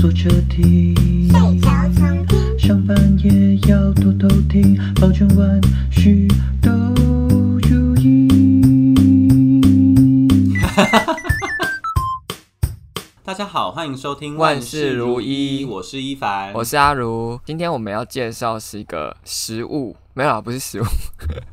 坐車聽，上班也要偷偷聽，保萬事都如意。哈哈哈！大家好，歡迎收聽《萬事如意》如伊，我是伊凡，我是阿儒。今天我們要介紹是一個食物。沒有啦，不是食物。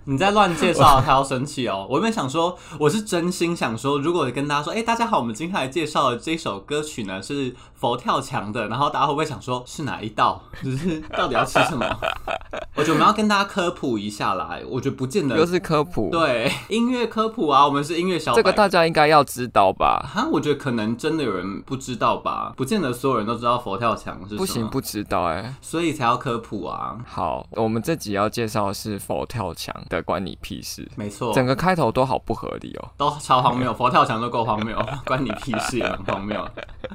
你在亂介紹，他要生氣哦。我沒想說，我是真心想說，如果跟大家說，哎，大家好，我們今天來介紹的這首歌曲呢，是佛跳牆的，然後大家會不會想說，是哪一道？就是到底要吃什麼？我覺得我們要跟大家科普一下來，我覺得不見得，就是科普，對音樂科普啊，我們是音樂小，這個大家應該要知道吧？哈，我覺得可能真的有人不知道吧，不見得所有人都知道佛跳牆是什麼。不行，不知道哎、欸，所以才要科普啊。好，我們這集要介紹。倒是佛跳牆的關你屁事，沒錯錯，整個開頭都好不合理哦，喔，都超荒謬， 佛跳牆都夠荒謬，關你屁事很荒謬。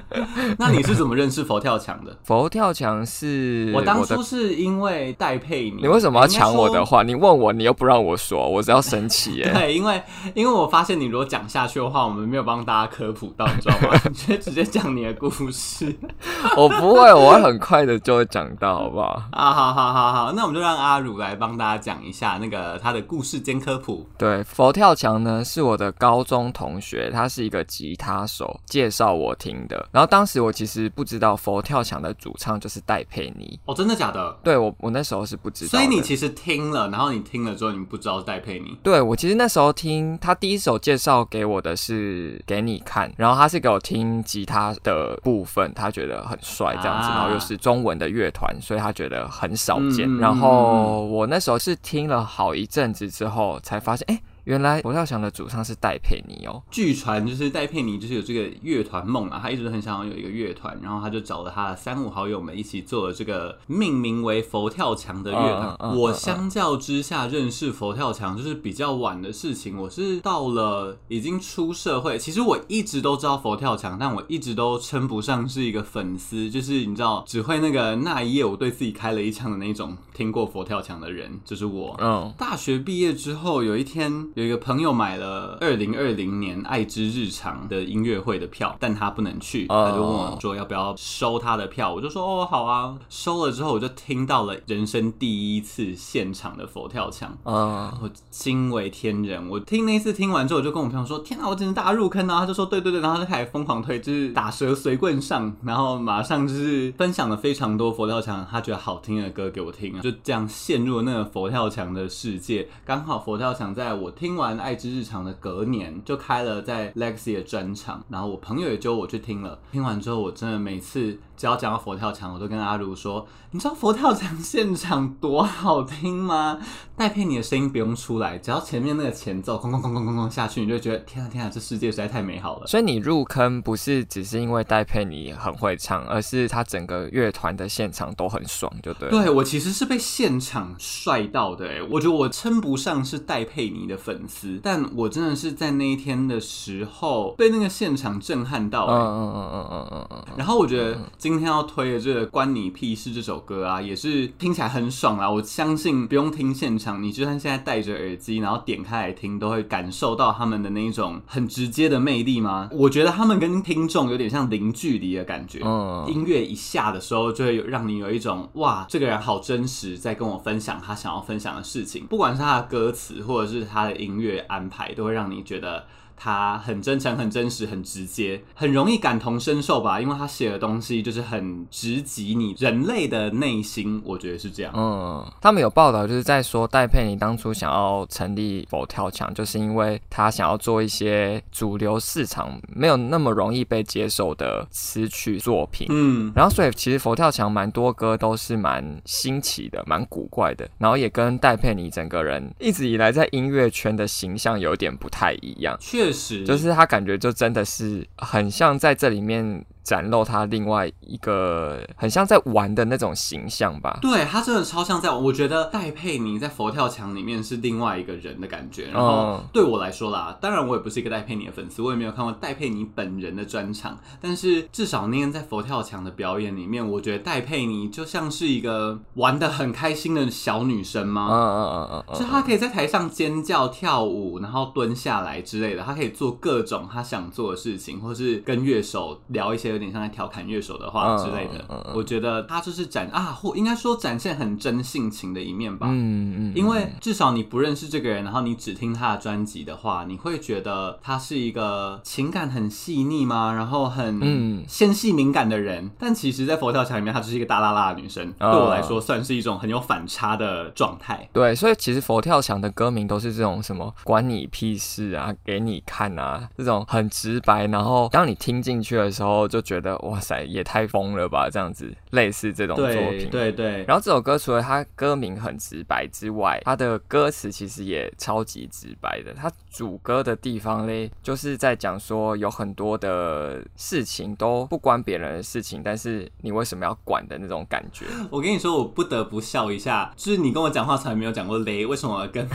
那你是怎麼認識佛跳牆的？佛跳牆是我，我當初是因為戴佩妮，你為什麼要搶我的話？欸，你問我，你又不讓我說，我只要生氣耶。 對，因為因為我發現你如果講下去的話，我們沒有幫大家科普到，你知道嗎？ 直接講你的故事， 我不會，我會很快的就會講到，好不好？ 啊，好好好好，那我們就讓阿儒來吧。幫大家講一下那個他的故事兼科普。對，佛跳牆呢是我的高中同學，他是一個吉他手，介紹我聽的。然後當時我其實不知道佛跳牆的主唱就是戴佩妮。哦，真的假的？對，我我那時候是不知道。所以你其實聽了，然後你聽了之後，你不知道戴佩妮。對，我其實那時候聽他第一首介紹給我的是《給你看》，然後他是給我聽吉他的部分，他覺得很帥，這樣子，然後又是中文的樂團，所以他覺得很少見。然後我。那時候是聽了好一陣子之後，才發現，欸。原來佛跳牆的主唱是戴佩妮哦？據傳就是戴佩妮，就是有這個樂團夢啊，她一直很想要有一個樂團，然後她就找了她的三五好友們一起做了這個命名為“佛跳牆”的樂團。我相較之下認識佛跳牆就是比較晚的事情。我是到了已經出社會，其實我一直都知道佛跳牆，但我一直都稱不上是一個粉絲。就是你知道，只會那個那一夜我對自己開了一槍的那種聽過佛跳牆的人，就是我。嗯，oh. 大學畢業之後有一天。有一個朋友買了二零二零年愛之日常的音樂會的票，但他不能去，他就問我說要不要收他的票，我就說哦好啊，收了之後我就聽到了人生第一次現場的佛跳牆啊，哦、我驚為天人。我聽那一次聽完之後，我就跟我朋友說天哪，我真的大入坑啊，他就說對對對，然後他就開始瘋狂推，就是打蛇隨棍上，然後馬上就是分享了非常多佛跳牆他覺得好聽的歌給我聽啊，就這樣陷入了那個佛跳牆的世界。剛好佛跳牆在我聽完《愛之日常》的隔年就開了在 Legacy 的專場，然後我朋友也揪我去聽了。聽完之後，我真的每次只要講到佛跳牆，我都跟阿如說：“你知道佛跳牆現場多好聽嗎？”戴佩妮的聲音不用出來，只要前面那個前奏，哐哐哐哐哐哐下去，你就覺得天啊天啊，這世界實在太美好了。所以你入坑不是只是因為戴佩妮很會唱，而是他整個樂團的現場都很爽，就對。對，我其實是被現場帥到的，欸，我覺得我稱不上是戴佩妮的粉。粉絲，但我真的是在那一天的時候被那個現場震撼到，嗯嗯嗯嗯嗯嗯。然後我覺得今天要推的這個《關你屁事》這首歌啊，也是聽起來很爽啦。我相信不用聽現場，你就算現在戴着耳機，然後點開來聽，都會感受到他們的那一種很直接的魅力嗎？我覺得他們跟聽眾有點像零距離的感覺。音樂一下的時候，就會有讓你有一種哇，這個人好真實，在跟我分享他想要分享的事情，不管是他的歌詞，或者是他的。音樂安排都會讓你覺得。他很真誠、很真實、很直接，很容易感同身受吧，因為他寫的東西就是很直擊你人類的內心，我覺得是這樣。嗯，他們有報道，就是在說戴佩妮當初想要成立佛跳牆，就是因為他想要做一些主流市場沒有那麼容易被接受的詞曲作品。嗯，然後所以其實佛跳牆蠻多歌都是蠻新奇的、蠻古怪的，然後也跟戴佩妮整個人一直以來在音樂圈的形象有點不太一樣。確。就是他感覺就真的是很像在這裡面。展露他另外一個很像在玩的那種形象吧。對，他真的超像在，我覺得戴佩妮在佛跳牆裡面是另外一個人的感覺。然後對我來說啦，當然我也不是一個戴佩妮的粉絲，我也沒有看過戴佩妮本人的專場。但是至少那天在佛跳牆的表演裡面，我覺得戴佩妮就像是一個玩的很開心的小女生嘛。嗯嗯嗯嗯，就是她可以在台上尖叫、跳舞，然後蹲下來之類的，她可以做各種她想做的事情，或是跟樂手聊一些。有點像在調侃樂手的話之類的，uh, uh, uh, 我覺得他就是展啊，或應該說展現很真性情的一面吧。嗯嗯，嗯因為至少你不認識這個人，然後你只聽他的專輯的話，你會覺得他是一個情感很細膩嗎？然後很纖細敏感的人。嗯、但其實，在佛跳牆裡面，她就是一個大拉拉的女生。Uh, 對我來說，算是一種很有反差的狀態。對，所以其實佛跳牆的歌名都是這種什麼“關你屁事啊”“給你看啊”這種很直白。然後當你聽進去的時候，就覺得哇塞，也太瘋了吧！這樣子，類似這種作品。對對對。然後這首歌除了它歌名很直白之外，它的歌詞其實也超級直白的。它。主歌的地方嘞，就是在講說有很多的事情都不關別人的事情，但是你為什麼要管的那種感覺？我跟你說，我不得不笑一下。就是你跟我講話從來沒有講過勒，為什麼我跟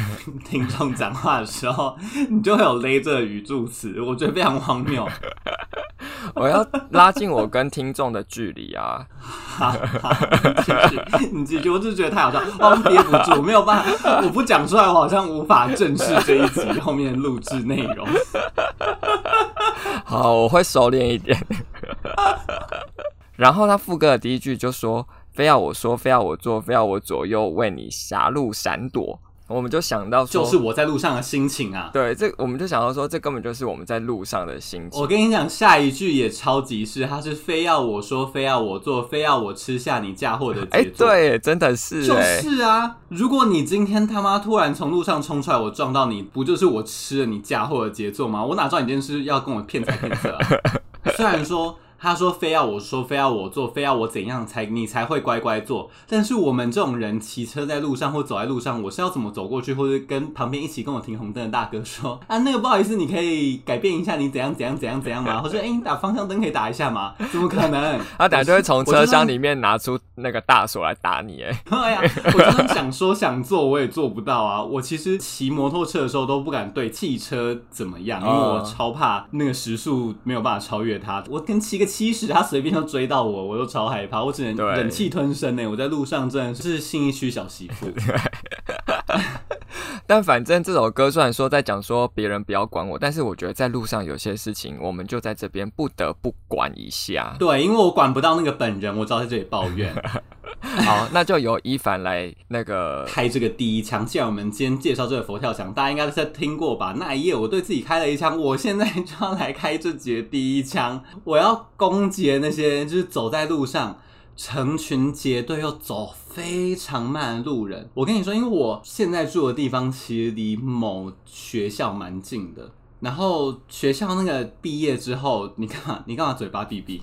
聽眾講話的時候，你就會有勒這個語助詞？我覺得非常荒謬。 我要拉近我跟聽眾的距離啊！哈 你這句，我就覺得太好笑，哦，我憋不住，沒有辦法，我不講出來，我好像無法正視這一集後面錄製內容， 好，我會收斂一點。 然後他副歌的第一句就說：“非要我說，非要我做，非要我左右，為你狹路閃躲。”我們就想到說，就是我在路上的心情啊。對，這我們就想到說，這根本就是我們在路上的心情。我跟你講，下一句也超級是，他是非要我說，非要我做，非要我吃下你嫁禍的節奏。哎、欸，對，真的是、欸。就是啊，如果你今天他媽突然從路上衝出來，我撞到你不就是我吃了你嫁禍的節奏嗎？我哪知道你今天是要跟我騙財騙色、啊。 雖然說。他說：“非要我說，非要我做，非要我怎樣才你才會乖乖做。”但是我們這種人騎車在路上或走在路上，我是要怎麼走過去，或者跟旁邊一起跟我停紅燈的大哥說：“啊，那個不好意思，你可以改變一下你怎樣怎樣怎樣怎樣嗎？” 或者“哎、欸，你打方向燈可以打一下嗎？”怎麼可能？ 他等下就會從車廂裡面拿出那個大鎖來打你。哎呀，我就是 想說想做我也做不到啊！ 我其實騎摩托車的時候都不敢對汽車怎麼樣，嗯、因為我超怕那個時速沒有辦法超越它。我跟七個。七十，其實他隨便就追到我，我都超害怕，我只能對 忍氣吞聲呢、欸。我在路上真的是信義區小媳婦。對 但反正這首歌雖然說在講說別人不要管我，但是我覺得在路上有些事情，我們就在這邊不得不管一下。對，因為我管不到那個本人，我只好在這裡抱怨。 好，那就由伊凡來那個開這個第一槍。既然我們今天介紹這個佛跳牆，大家應該在聽過吧？那一夜我對自己開了一槍，我現在就要來開這集第一槍，我要攻擊那些人就是走在路上成群結隊又走非常慢的路人。我跟你說，因為我現在住的地方其實離某學校蠻近的。然後學校那個畢業之後，你幹嘛？你幹嘛？嘴巴閉閉。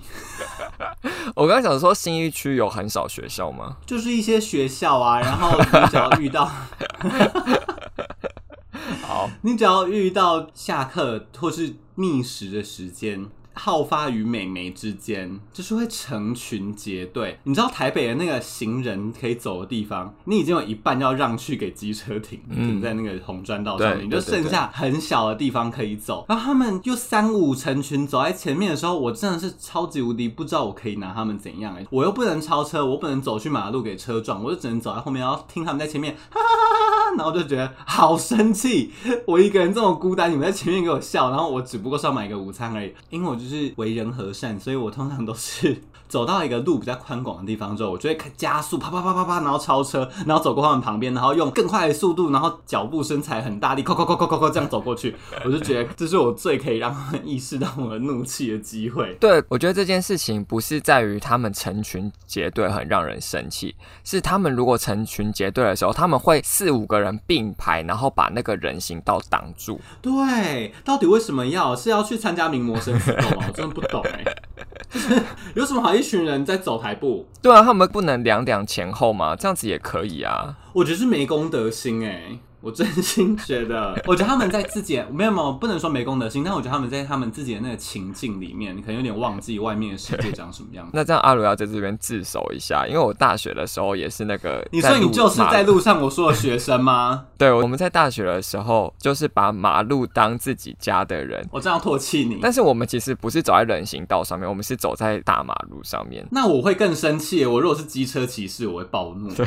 我剛剛想說，信義區有很少學校嗎？就是一些學校啊，然後你只要遇到， 好，你只要遇到下課或是覓食的時間。好發於美眉之間，就是會成群結隊。你知道台北的那個行人可以走的地方，你已經有一半要讓去給機車停，停、嗯、在那個紅磚道上，對對對對，你就剩下很小的地方可以走。然後他們就三五成群走在前面的時候，我真的是超級無敵不知道我可以拿他們怎樣哎、欸，我又不能超車，我不能走去馬路給車撞，我就只能走在後面，然後聽他們在前面哈哈哈哈，然後就覺得好生氣，我一個人這麼孤單，你們在前面給我笑，然後我只不過是要買午餐而已，因為我就。就是為人和善，所以我通常都是。走到一個路比較寬廣的地方之後，我就會加速，啪啪啪啪啪，然後超車，然後走過他們旁邊，然後用更快的速度，然後腳步身材很大力，扣扣扣扣扣、扣，這樣走過去， 我就覺得這是我最可以讓他們意識到我的怒氣的機會。對，我覺得這件事情不是在於他們成群結隊很讓人生氣，是他們如果成群結隊的時候，他們會四五個人並排，然後把那個人行道擋住。對，到底為什麼要？是要去參加名模生死鬥？我真的不懂哎、欸。 有什麼好？一群人在走台步，對啊，他們不能兩兩前後嗎？這樣子也可以啊。我覺得是沒公德心哎、欸。我真心覺得，我覺得他們在自己沒有沒有，不能說沒公德心，但我覺得他們在他們自己的那個情境裡面，你可能有點忘記外面的世界長什麼樣。那這樣阿儒要在這邊自首一下，因為我大學的時候也是那個，你說你就是在路上，我說的學生嗎？馬路 對，我們在大學的時候就是把馬路當自己家的人，我這樣唾棄你。但是我們其實不是走在人行道上面，我們是走在大馬路上面。那我會更生氣、欸，我如果是機車騎士，我會暴怒、欸。對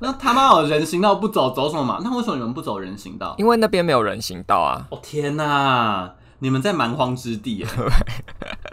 那他媽，我人行道不走，走什麼嘛？那為什麼？你們不走人行道？因為那邊沒有人行道啊！哦天哪，你們在蠻荒之地啊！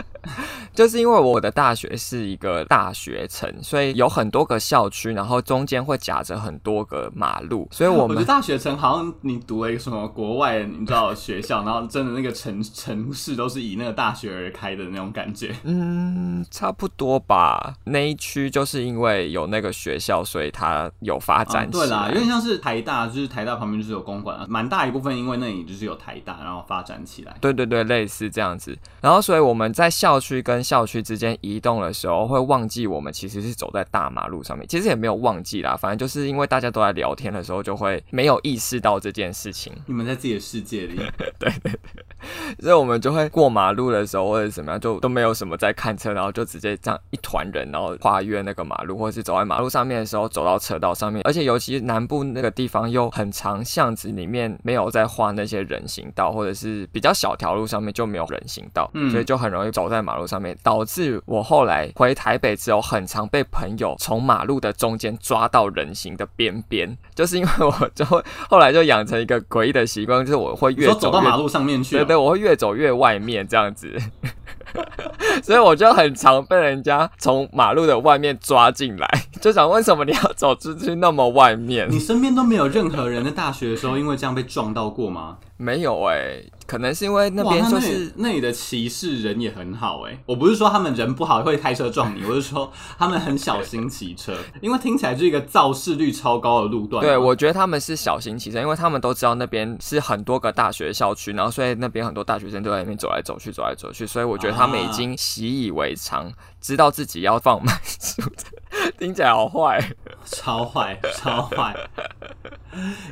就是因為我的大學是一個大學城，所以有很多個校區，然後中間會夾着很多個馬路，所以我們的大學城好像你讀了一個什麼國外，你知道學校， 然後真的那個城城市都是以那個大學而開的那種感覺，嗯，差不多吧。那一區就是因為有那個學校，所以它有發展起來、啊，對啦、啊，有點像是台大，就是台大旁邊就是有公館、啊，蠻大一部分，因為那裡就是有台大，然後發展起來，對對對，類似這樣子。然後所以我們在校區跟校區之間移動的時候，會忘記我們其實是走在大馬路上面。其實也沒有忘記啦，反正就是因為大家都在聊天的時候，就會沒有意識到這件事情。你們在自己的世界裡， 對對對。所以，我們就會過馬路的時候，或者怎麼樣，就都沒有什麼在看車，然後就直接這樣一團人，然後跨越那個馬路，或者是走在馬路上面的時候走到車道上面。而且，尤其是南部那個地方又很長巷子，裡面沒有在畫那些人行道，或者是比較小條路上面就沒有人行道，嗯，所以就很容易走在馬路上面。導致我後來回台北之後，很常被朋友從馬路的中間抓到人行的邊邊，就是因為我就後來就養成一個詭異的習慣，就是我會越走到馬路上面去，對，對，我會越走越外面這樣子，所以我就很常被人家從馬路的外面抓進來，就想為什麼你要走出去那麼外面？你身邊都沒有任何人，在大學的時候因為這樣被撞到過嗎？沒有哎、欸，可能是因為那邊就是那裡、那裡的騎士人也很好哎、欸。我不是說他們人不好會開車撞你， 我是說他們很小心騎車， 因為聽起來是一個肇事率超高的路段。對，我覺得他們是小心騎車，因為他們都知道那邊是很多個大學校區，然後所以那邊很多大學生都在那邊走來走去，走來走去，所以我覺得他們已經習以為常。啊知道自己要放慢速度，聽起來好壞，超壞，超壞，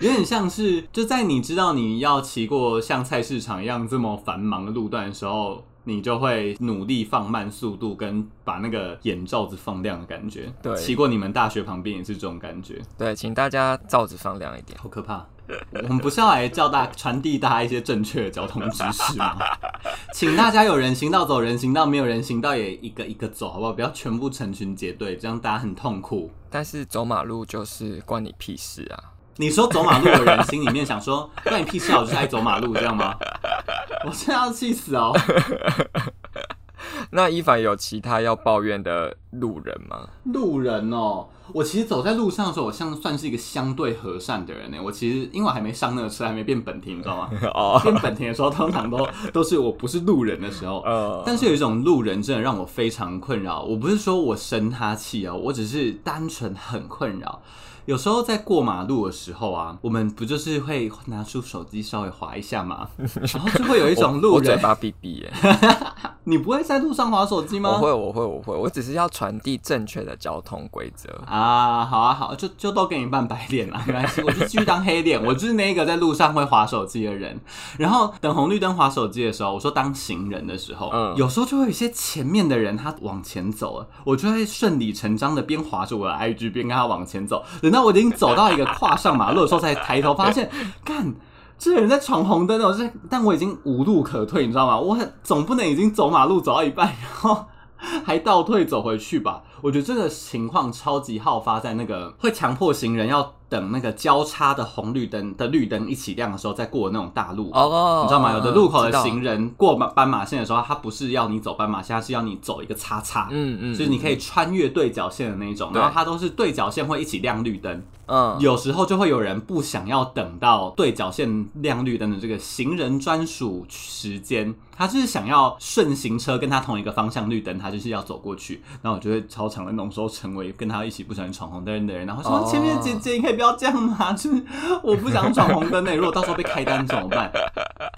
有點像是就在你知道你要騎過像菜市場一樣這麼繁忙的路段的時候，你就會努力放慢速度，跟把那個眼罩子放亮的感覺。對，騎過你們大學旁邊也是這種感覺。對，請大家罩子放亮一點，好可怕。我們不是要來教大家、傳遞大家一些正確的交通知識嗎？請大家有人行道走人行道，沒有人行道也一個一個走，好不好？不要全部成群結隊，這樣大家很痛苦。但是走馬路就是關你屁事啊！你說走馬路的人心裡面想說關你屁事，我就愛走馬路，這樣嗎？我真的要氣死哦！ 那伊凡有其他要抱怨的路人嗎？路人哦。我其實走在路上的時候，我像，算是一個相對和善的人呢、欸。我其實因為我還沒上那個車，還沒變本體，你知道嗎？變本體的時候通常都都是我不是路人的時候。但是有一種路人真的讓我非常困擾。我不是說我生他氣啊、喔，我只是單純很困擾。有時候在過馬路的時候啊，我們不就是會拿出手機稍微滑一下嗎？然後就會有一種路人，我嘴巴逼逼耶 你不會在路上滑手機嗎？我會，我會，我會。我只是要傳遞正確的交通規則啊。好啊，好，就就都給你扮白臉了、啊，沒關係，我就繼續當黑臉。 我就是那個在路上會滑手機的人。然後等紅綠燈滑手機的時候，我說當行人的時候，嗯、有時候就會有一些前面的人他往前走了，我就會順理成章的邊滑着我的 IG 邊跟他往前走。那我已經走到一個跨上馬路的時候，才抬頭發現，幹，這人在闖紅燈，我是，但我已經無路可退，你知道嗎？我很，總不能已經走馬路走到一半，然後還倒退走回去吧。我覺得這個情況超級好發在那個會強迫行人要。等那個交叉的紅綠燈的綠燈一起亮的時候，再過那種大路，哦，你知道嗎？有的路口的行人過斑馬線的時候，他不是要你走斑馬線，他是要你走一個叉叉，嗯嗯，就是你可以穿越對角線的那種，嗯、然後它都是對角線會一起亮綠燈，嗯對，有時候就會有人不想要等到對角線亮綠燈的這個行人專屬時間。他就是想要順行車跟他同一個方向綠燈，他就是要走過去。然後我就會超常的。那種時候成為跟他一起不喜歡闖紅燈的，的人。然後說：“ oh. 前面姐姐，你可以不要這樣嗎？就是我不想闖紅燈，欸、 如果到時候被開單怎麼辦？”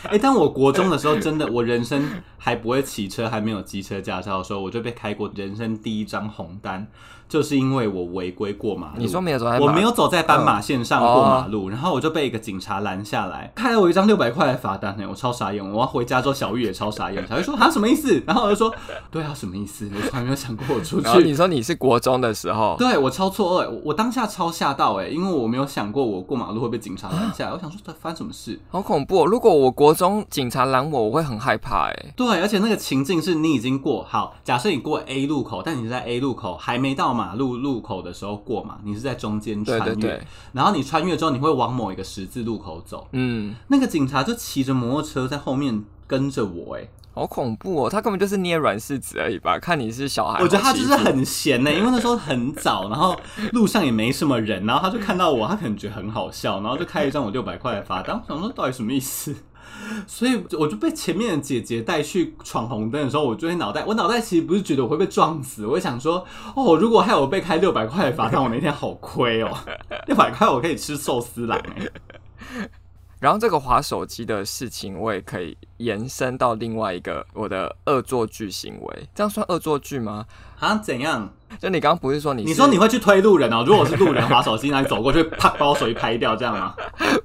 哎、欸，但我國中的時候，真的我人生還不會騎車，還沒有機車駕照的時候，我就被開過人生第一張紅單。就是因為我違規過馬路，你說沒有走在？我沒有走在斑馬線上過馬路，嗯哦、然後我就被一個警察攔下來，開了我一張六百塊的罰單、欸，我超傻眼。我要回家之後，小玉也超傻眼，小玉說：“ 啊，什麼意思？”然後我就說：“對啊，什麼意思？我從來沒有想過我出去。”你說你是國中的時候，對，我超錯愕、欸我，我當下超嚇到、欸，哎，因為我沒有想過我過馬路會被警察攔下來，啊、我想說，這發生什麼事，好恐怖！如果我國中警察攔我，我會很害怕、欸，哎，對，而且那個情境是你已經過好，假設你過 A 路口，但你在 A 路口還沒到。馬路路口的時候過嘛，你是在中間穿越，對對對，然後你穿越之後你會往某一個十字路口走，嗯，那個警察就騎着摩托車在後面跟着我、欸，哎，好恐怖哦，他根本就是捏軟柿子而已吧？看你是小孩，我覺得他就是很閒呢、欸，因為那時候很早，然後路上也沒什麼人，然後他就看到我，他可能覺得很好笑，然後就開一張我六百塊的罰單，我想說到底什麼意思？所以我就被前面的姐姐帶去闖紅燈的時候，我就會腦袋，我腦袋其實不是覺得我會被撞死，我想說，哦，如果害我被開六百塊的罰單，我那天好虧哦，六百塊我可以吃壽司了、欸。然後這個滑手機的事情，我也可以延伸到另外一個我的惡作劇行為，這樣算惡作劇嗎？啊，怎樣？就你剛剛不是說你是，你說你會去推路人哦？如果是路人滑手機， 那你走過去啪把我手機拍掉，這樣嗎？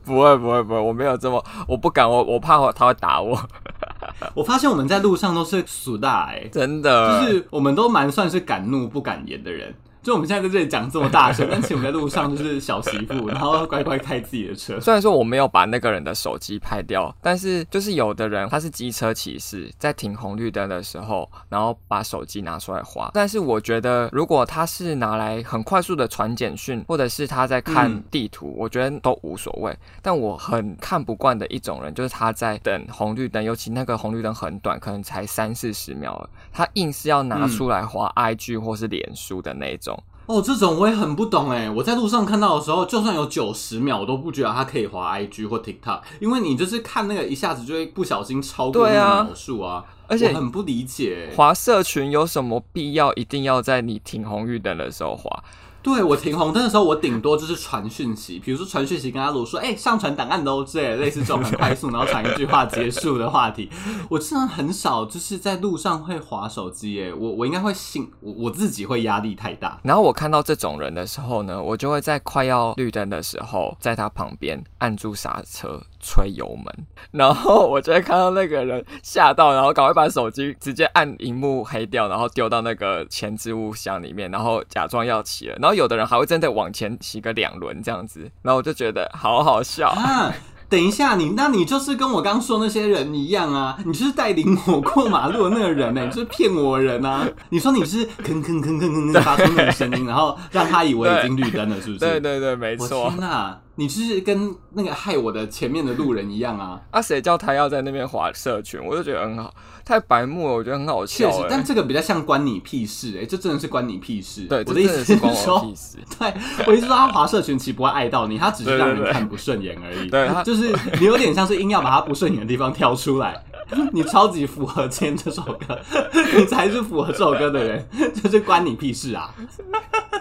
不會，不會，不會，我沒有這麼，我不敢，我我怕他會打我。 我發現我們在路上都是屬大、欸、真的，就是我們都蠻算是敢怒不敢言的人。就我們現在在這裡講這麼大聲， 但是我們在路上就是小媳婦，然後乖乖開自己的車。雖然說我沒有把那個人的手機拍掉，但是就是有的人他是機車騎士，在停紅綠燈的時候，然後把手機拿出來滑。但是我覺得，如果他是拿來很快速的傳簡訊，或者是他在看地圖，嗯、我覺得都無所謂。但我很看不慣的一種人，就是他在等紅綠燈，尤其那個紅綠燈很短，可能才三四十秒，他硬是要拿出來滑 IG 或是臉書的那一種。嗯哦，這種我也很不懂誒。我在路上看到的時候，就算有九十秒，我都不覺得它可以滑 IG 或 TikTok，因為你就是看那個一下子就會不小心超過那個秒數啊。而且我很不理解、欸，滑社群有什麼必要？一定要在你停紅綠燈的時候滑？對，我停紅燈的時候，我頂多就是傳訊息，比如說傳訊息跟阿儒說，哎、欸，上傳檔案嘍，這類似這種很快速，然後傳一句話結束的話題。 我真的很少就是在路上會滑手機、欸，我我應該會信，我自己會壓力太大。然後我看到這種人的時候呢，我就會在快要綠燈的時候，在他旁邊按住剎車。吹油門，然後我就會看到那個人嚇到，然後趕快把手機直接按螢幕黑掉，然後丟到那個前置物箱裡面，然後假裝要騎了。然後有的人還會真的往前騎個兩輪這樣子，然後我就覺得好好笑啊！等一下，你那你就是跟我剛,剛說那些人一樣啊，你就是帶領我過馬路的那個人呢、欸？ 就是騙我人啊！你說你是吭吭吭吭吭發出那個聲音，對然後讓他以為已經綠燈了，是不是？對,對對對，沒錯。天你是跟那個害我的前面的路人一樣啊！啊，誰叫他要在那邊滑社群，我就覺得很好，太白目了，我覺得很好笑。欸，確實。但這個比較像關你屁事哎、欸，這真的是關你屁事。對，的我，我的意思是說，對，對，對，對，對，對我意思說，他滑社群其實不會礙到你，他只是讓你看不順眼而已。對，對，對，對， 對，他 就是你有點像是硬要把他不順眼的地方挑出來。 你超級符合今天這首歌， 你才是符合這首歌的人，就 是關你屁事啊！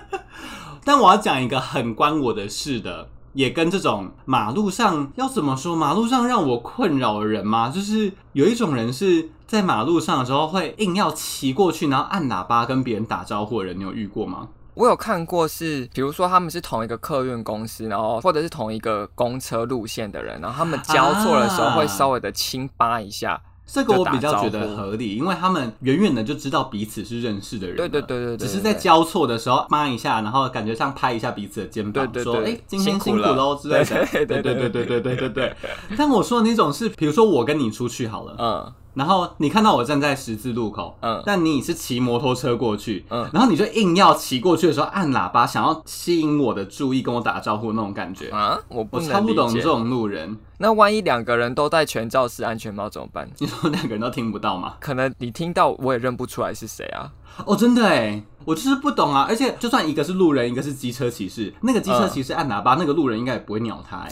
但我要講一個很關我的事的。也跟這種馬路上要怎麼說？馬路上讓我困擾的人嗎？就是有一種人是在馬路上的時候，會硬要騎過去，然後按喇叭跟別人打招呼的人，你有遇過嗎？我有看過是，是比如說他們是同一個客運公司，然後或者是同一個公車路線的人，然後他們交錯的時候會稍微的輕扒一下。啊這個我比較覺得合理，因為他們遠遠的就知道彼此是認識的人，對對對對，只是在交錯的時候，摸一下，然後感覺像拍一下彼此的肩膀，說：“哎，今天辛苦了。”之類的，對對對對對對對對對。但我說的那種是，比如說我跟你出去好了，嗯。然後你看到我站在十字路口，嗯，但你是騎摩托車過去，嗯，然後你就硬要騎過去的時候按喇叭，想要吸引我的注意，跟我打招呼那種感覺啊，我不我超不懂這種路人。那萬一兩個人都戴全罩式安全帽怎麼辦？你說兩個人都聽不到嗎？可能你聽到我也認不出來是誰啊。哦，真的哎，我就是不懂啊。而且就算一個是路人，一個是機車騎士，那個機車騎士按喇叭，嗯、那個路人應該也不會鳥他。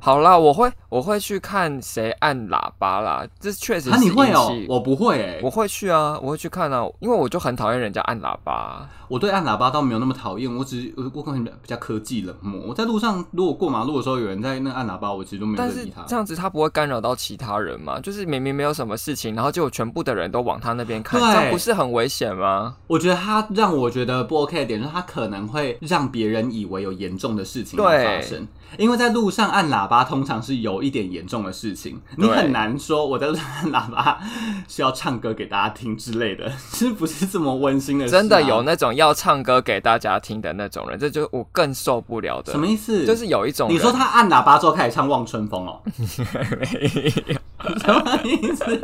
好啦，我會我會去看誰按喇叭啦。這確實是，啊你會哦，我不會哎、欸，我會去啊，我會去看啊，因為我就很討厭人家按喇叭、啊。我對按喇叭倒沒有那麼討厭，我只是我可能比較科技冷漠。我在路上如果過馬路的時候有人在那按喇叭，我其實都沒有理他但是。這樣子他不會干擾到其他人嘛，就是明明沒有什麼事情，然後就全部的人都往他那邊看，對這樣不是很危險嗎？我覺得他讓我覺得不 OK 的點是，他可能會讓別人以為有嚴重的事情會發生。因為在路上按喇叭通常是有一點嚴重的事情，對你很難說我在路上按喇叭是要唱歌給大家聽之類的，是不是這麼溫馨的、啊？真的有那種要唱歌給大家聽的那種人，這就是我更受不了的。什麼意思？就是有一種人，你說他按喇叭之後開始唱《望春風》哦？ 思什麼意思？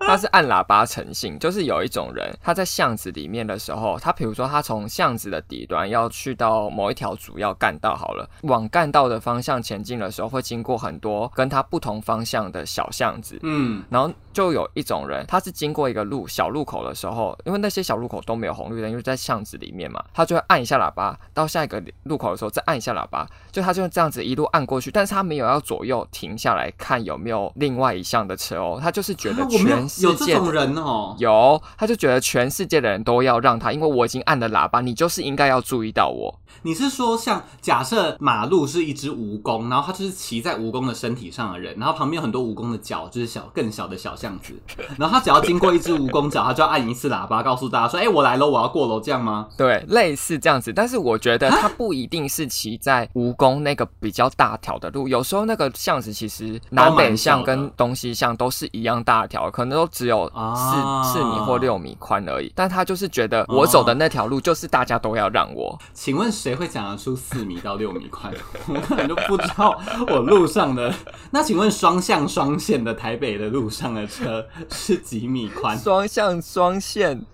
他是按喇叭成性，就是有一種人，他在巷子裡面的時候，他比如說他從巷子的底端要去到某一條主要幹。幹道好了，往幹道的方向前進的時候，會經過很多跟他不同方向的小巷子。嗯，然後就有一種人，他是經過一個路小路口的時候，因為那些小路口都沒有紅綠燈，因為在巷子裡面嘛，他就會按一下喇叭，到下一個路口的時候再按一下喇叭，就他就這樣子一路按過去，但是他沒有要左右停下來看有沒有另外一巷的車哦，他就是覺得全世界的我、啊、我們有，有這種人哦，有，他就覺得全世界的人都要讓他，因為我已經按了喇叭，你就是應該要注意到我。你是說像？假設馬路是一隻蜈蚣，然後它就是騎在蜈蚣的身體上的人，然後旁邊有很多蜈蚣的腳，就是小更小的小巷子。然後它只要經過一隻蜈蚣腳，它就要按一次喇叭，告訴大家說：“哎、欸，我來了，我要過囉，這樣嗎？”對，類似這樣子。但是我覺得它不一定是騎在蜈蚣那個比較大條的路，有時候那個巷子其實南北向跟東西向都是一樣大條，可能都只有四四米或六米寬而已。但他就是覺得我走的那條路就是大家都要讓我。請問誰會講得出四？米到六米寬， 我根本就不知道我路上的。那請問雙向雙線的台北的路上的車是幾米寬？雙向雙線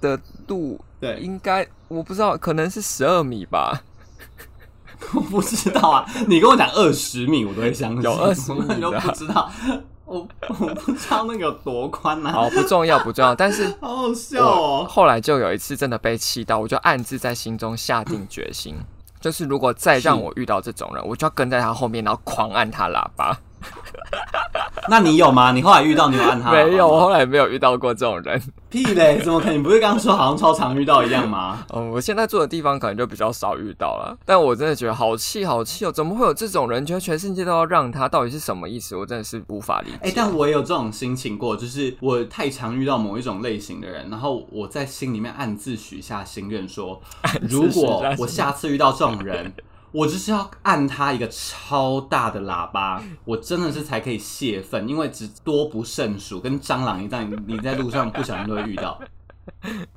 的度對，應該我不知道，可能是十二米吧。 我不知道啊，你跟我講二十米，我都會相信。有二十米、啊，都不知道。我我不知道那個有多寬呢、啊？好，不重要，不重要。但是，好好笑哦。後來就有一次真的被氣到，我就暗自在心中下定決心。 就是如果再讓我遇到這種人，是我就要跟在他後面，然後狂按他喇叭。 那你有嗎？你後來遇到你有按他的沒有？我後來沒有遇到過這種人。 屁嘞！怎麼可能？你不是剛剛說好像超常遇到一樣嗎？哦、 嗯，我現在住的地方可能就比較少遇到了。但我真的覺得好氣好氣哦！怎麼會有這種人？覺得全世界都要讓他，到底是什麼意思？我真的是無法理解。欸、但我也有這種心情過，就是我太常遇到某一種類型的人，然後我在心裡面暗自許下心願說：如果我下次遇到這種人。 我就是要按它一個超大的喇叭，我真的是才可以洩憤，因為只多不勝數，跟蟑螂一樣，你在路上不小心都會遇到。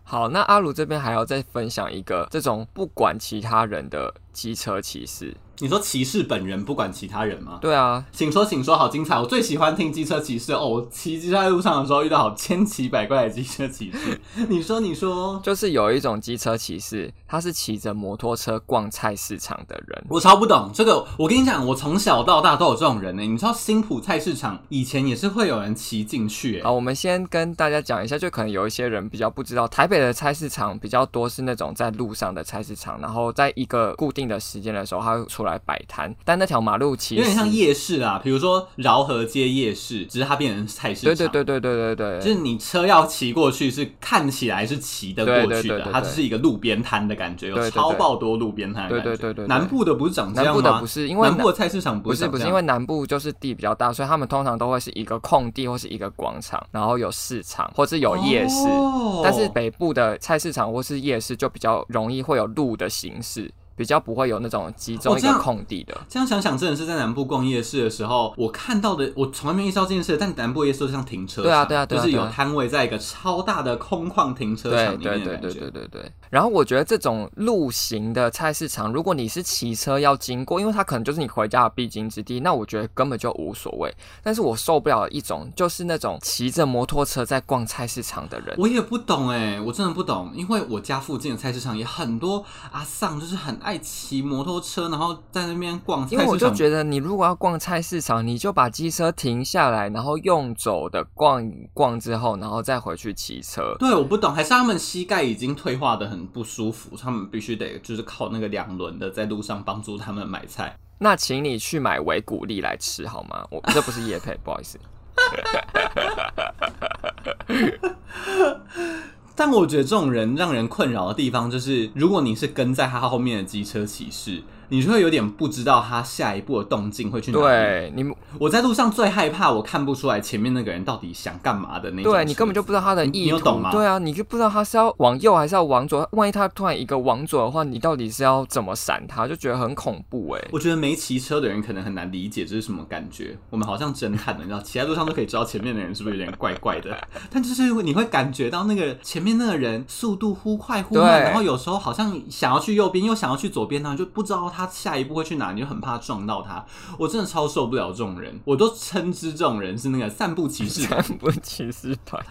好，那阿儒這邊還要再分享一個這種不管其他人的。機車騎士，你說騎士本人不管其他人嗎？對啊，請說，請說，好精彩！我最喜歡聽機車騎士哦，我騎機車在路上的時候遇到好千奇百怪的機車騎士。 你說，你說，你說，就是有一種機車騎士，他是騎着摩托車逛菜市場的人。我超不懂，這個，我跟你講，我從小到大都有這種人呢、欸。你知道新埔菜市場以前也是會有人騎進去、欸。好，我們先跟大家講一下，就可能有一些人比較不知道，台北的菜市場比較多是那種在路上的菜市場，然後在一個固定。定的時間的時候，他會出來擺攤。但那條馬路其實有點像夜市啊，比如說饒河街夜市，只是它變成菜市場。對，對對對對對對對，就是你車要騎過去，是看起來是騎得過去的，它只是一個路邊攤的感覺，有超爆多路邊攤的感覺對，對對對對，南部的不是長這樣嗎？南部的不是因為南、南部的菜市場不是不是、不是因為南部就是地比較大，所以他們通常都會是一個空地或是一個廣場，然後有市場或是有夜市。哦。但是北部的菜市場或是夜市就比較容易會有路的形式。比較不會有那種集中一個空地的。哦、這樣這樣想想，真的是在南部逛夜市的時候，我看到的，我從來沒意識到這件事。但南部夜市像停車對、啊，對啊對啊對啊，就是有攤位在一個超大的空曠停車場裡面對。對對對對對對對，然後我覺得這種路行的菜市場，如果你是騎車要經過，因為它可能就是你回家的必經之地，那我覺得根本就無所謂。但是我受不了一種，就是那種騎着摩托車在逛菜市場的人。我也不懂哎、欸，我真的不懂，因為我家附近的菜市場也很多阿桑，就是很愛。騎摩托車，然後在那邊逛。因為我就覺得，你如果要逛菜市場，你就把機車停下來，然後用走的逛一逛之後，然後再回去騎車。對，我不懂，還是他們膝蓋已經退化的很不舒服，他們必須得就是靠那個兩輪的在路上幫助他們買菜。那請你去買維骨力來吃好嗎？我這不是業配， 不好意思。 但我覺得這種人讓人困擾的地方，就是如果你是跟在他後面的機車騎士。你就會有點不知道他下一步的動靜會去哪裡。對，你們，我在路上最害怕，我看不出來前面那個人到底想幹嘛的那種。對，你根本就不知道他的意圖。你你懂嗎？對啊，你就不知道他是要往右還是要往左。萬一他突然一個往左的話，你到底是要怎麼閃他，就覺得很恐怖哎、欸。我覺得沒騎車的人可能很難理解這是什麼感覺。我們好像真看的，你知道，騎在路上都可以知道前面的人是不是有點怪怪的。 但就是你會感覺到那個前面那個人速度忽快忽慢，對然後有時候好像想要去右邊，又想要去左邊呢，然後就不知道他。他下一步會去哪？你就很怕撞到他。我真的超受不了這種人，我都稱之這種人是那個散步騎士團。散步騎士團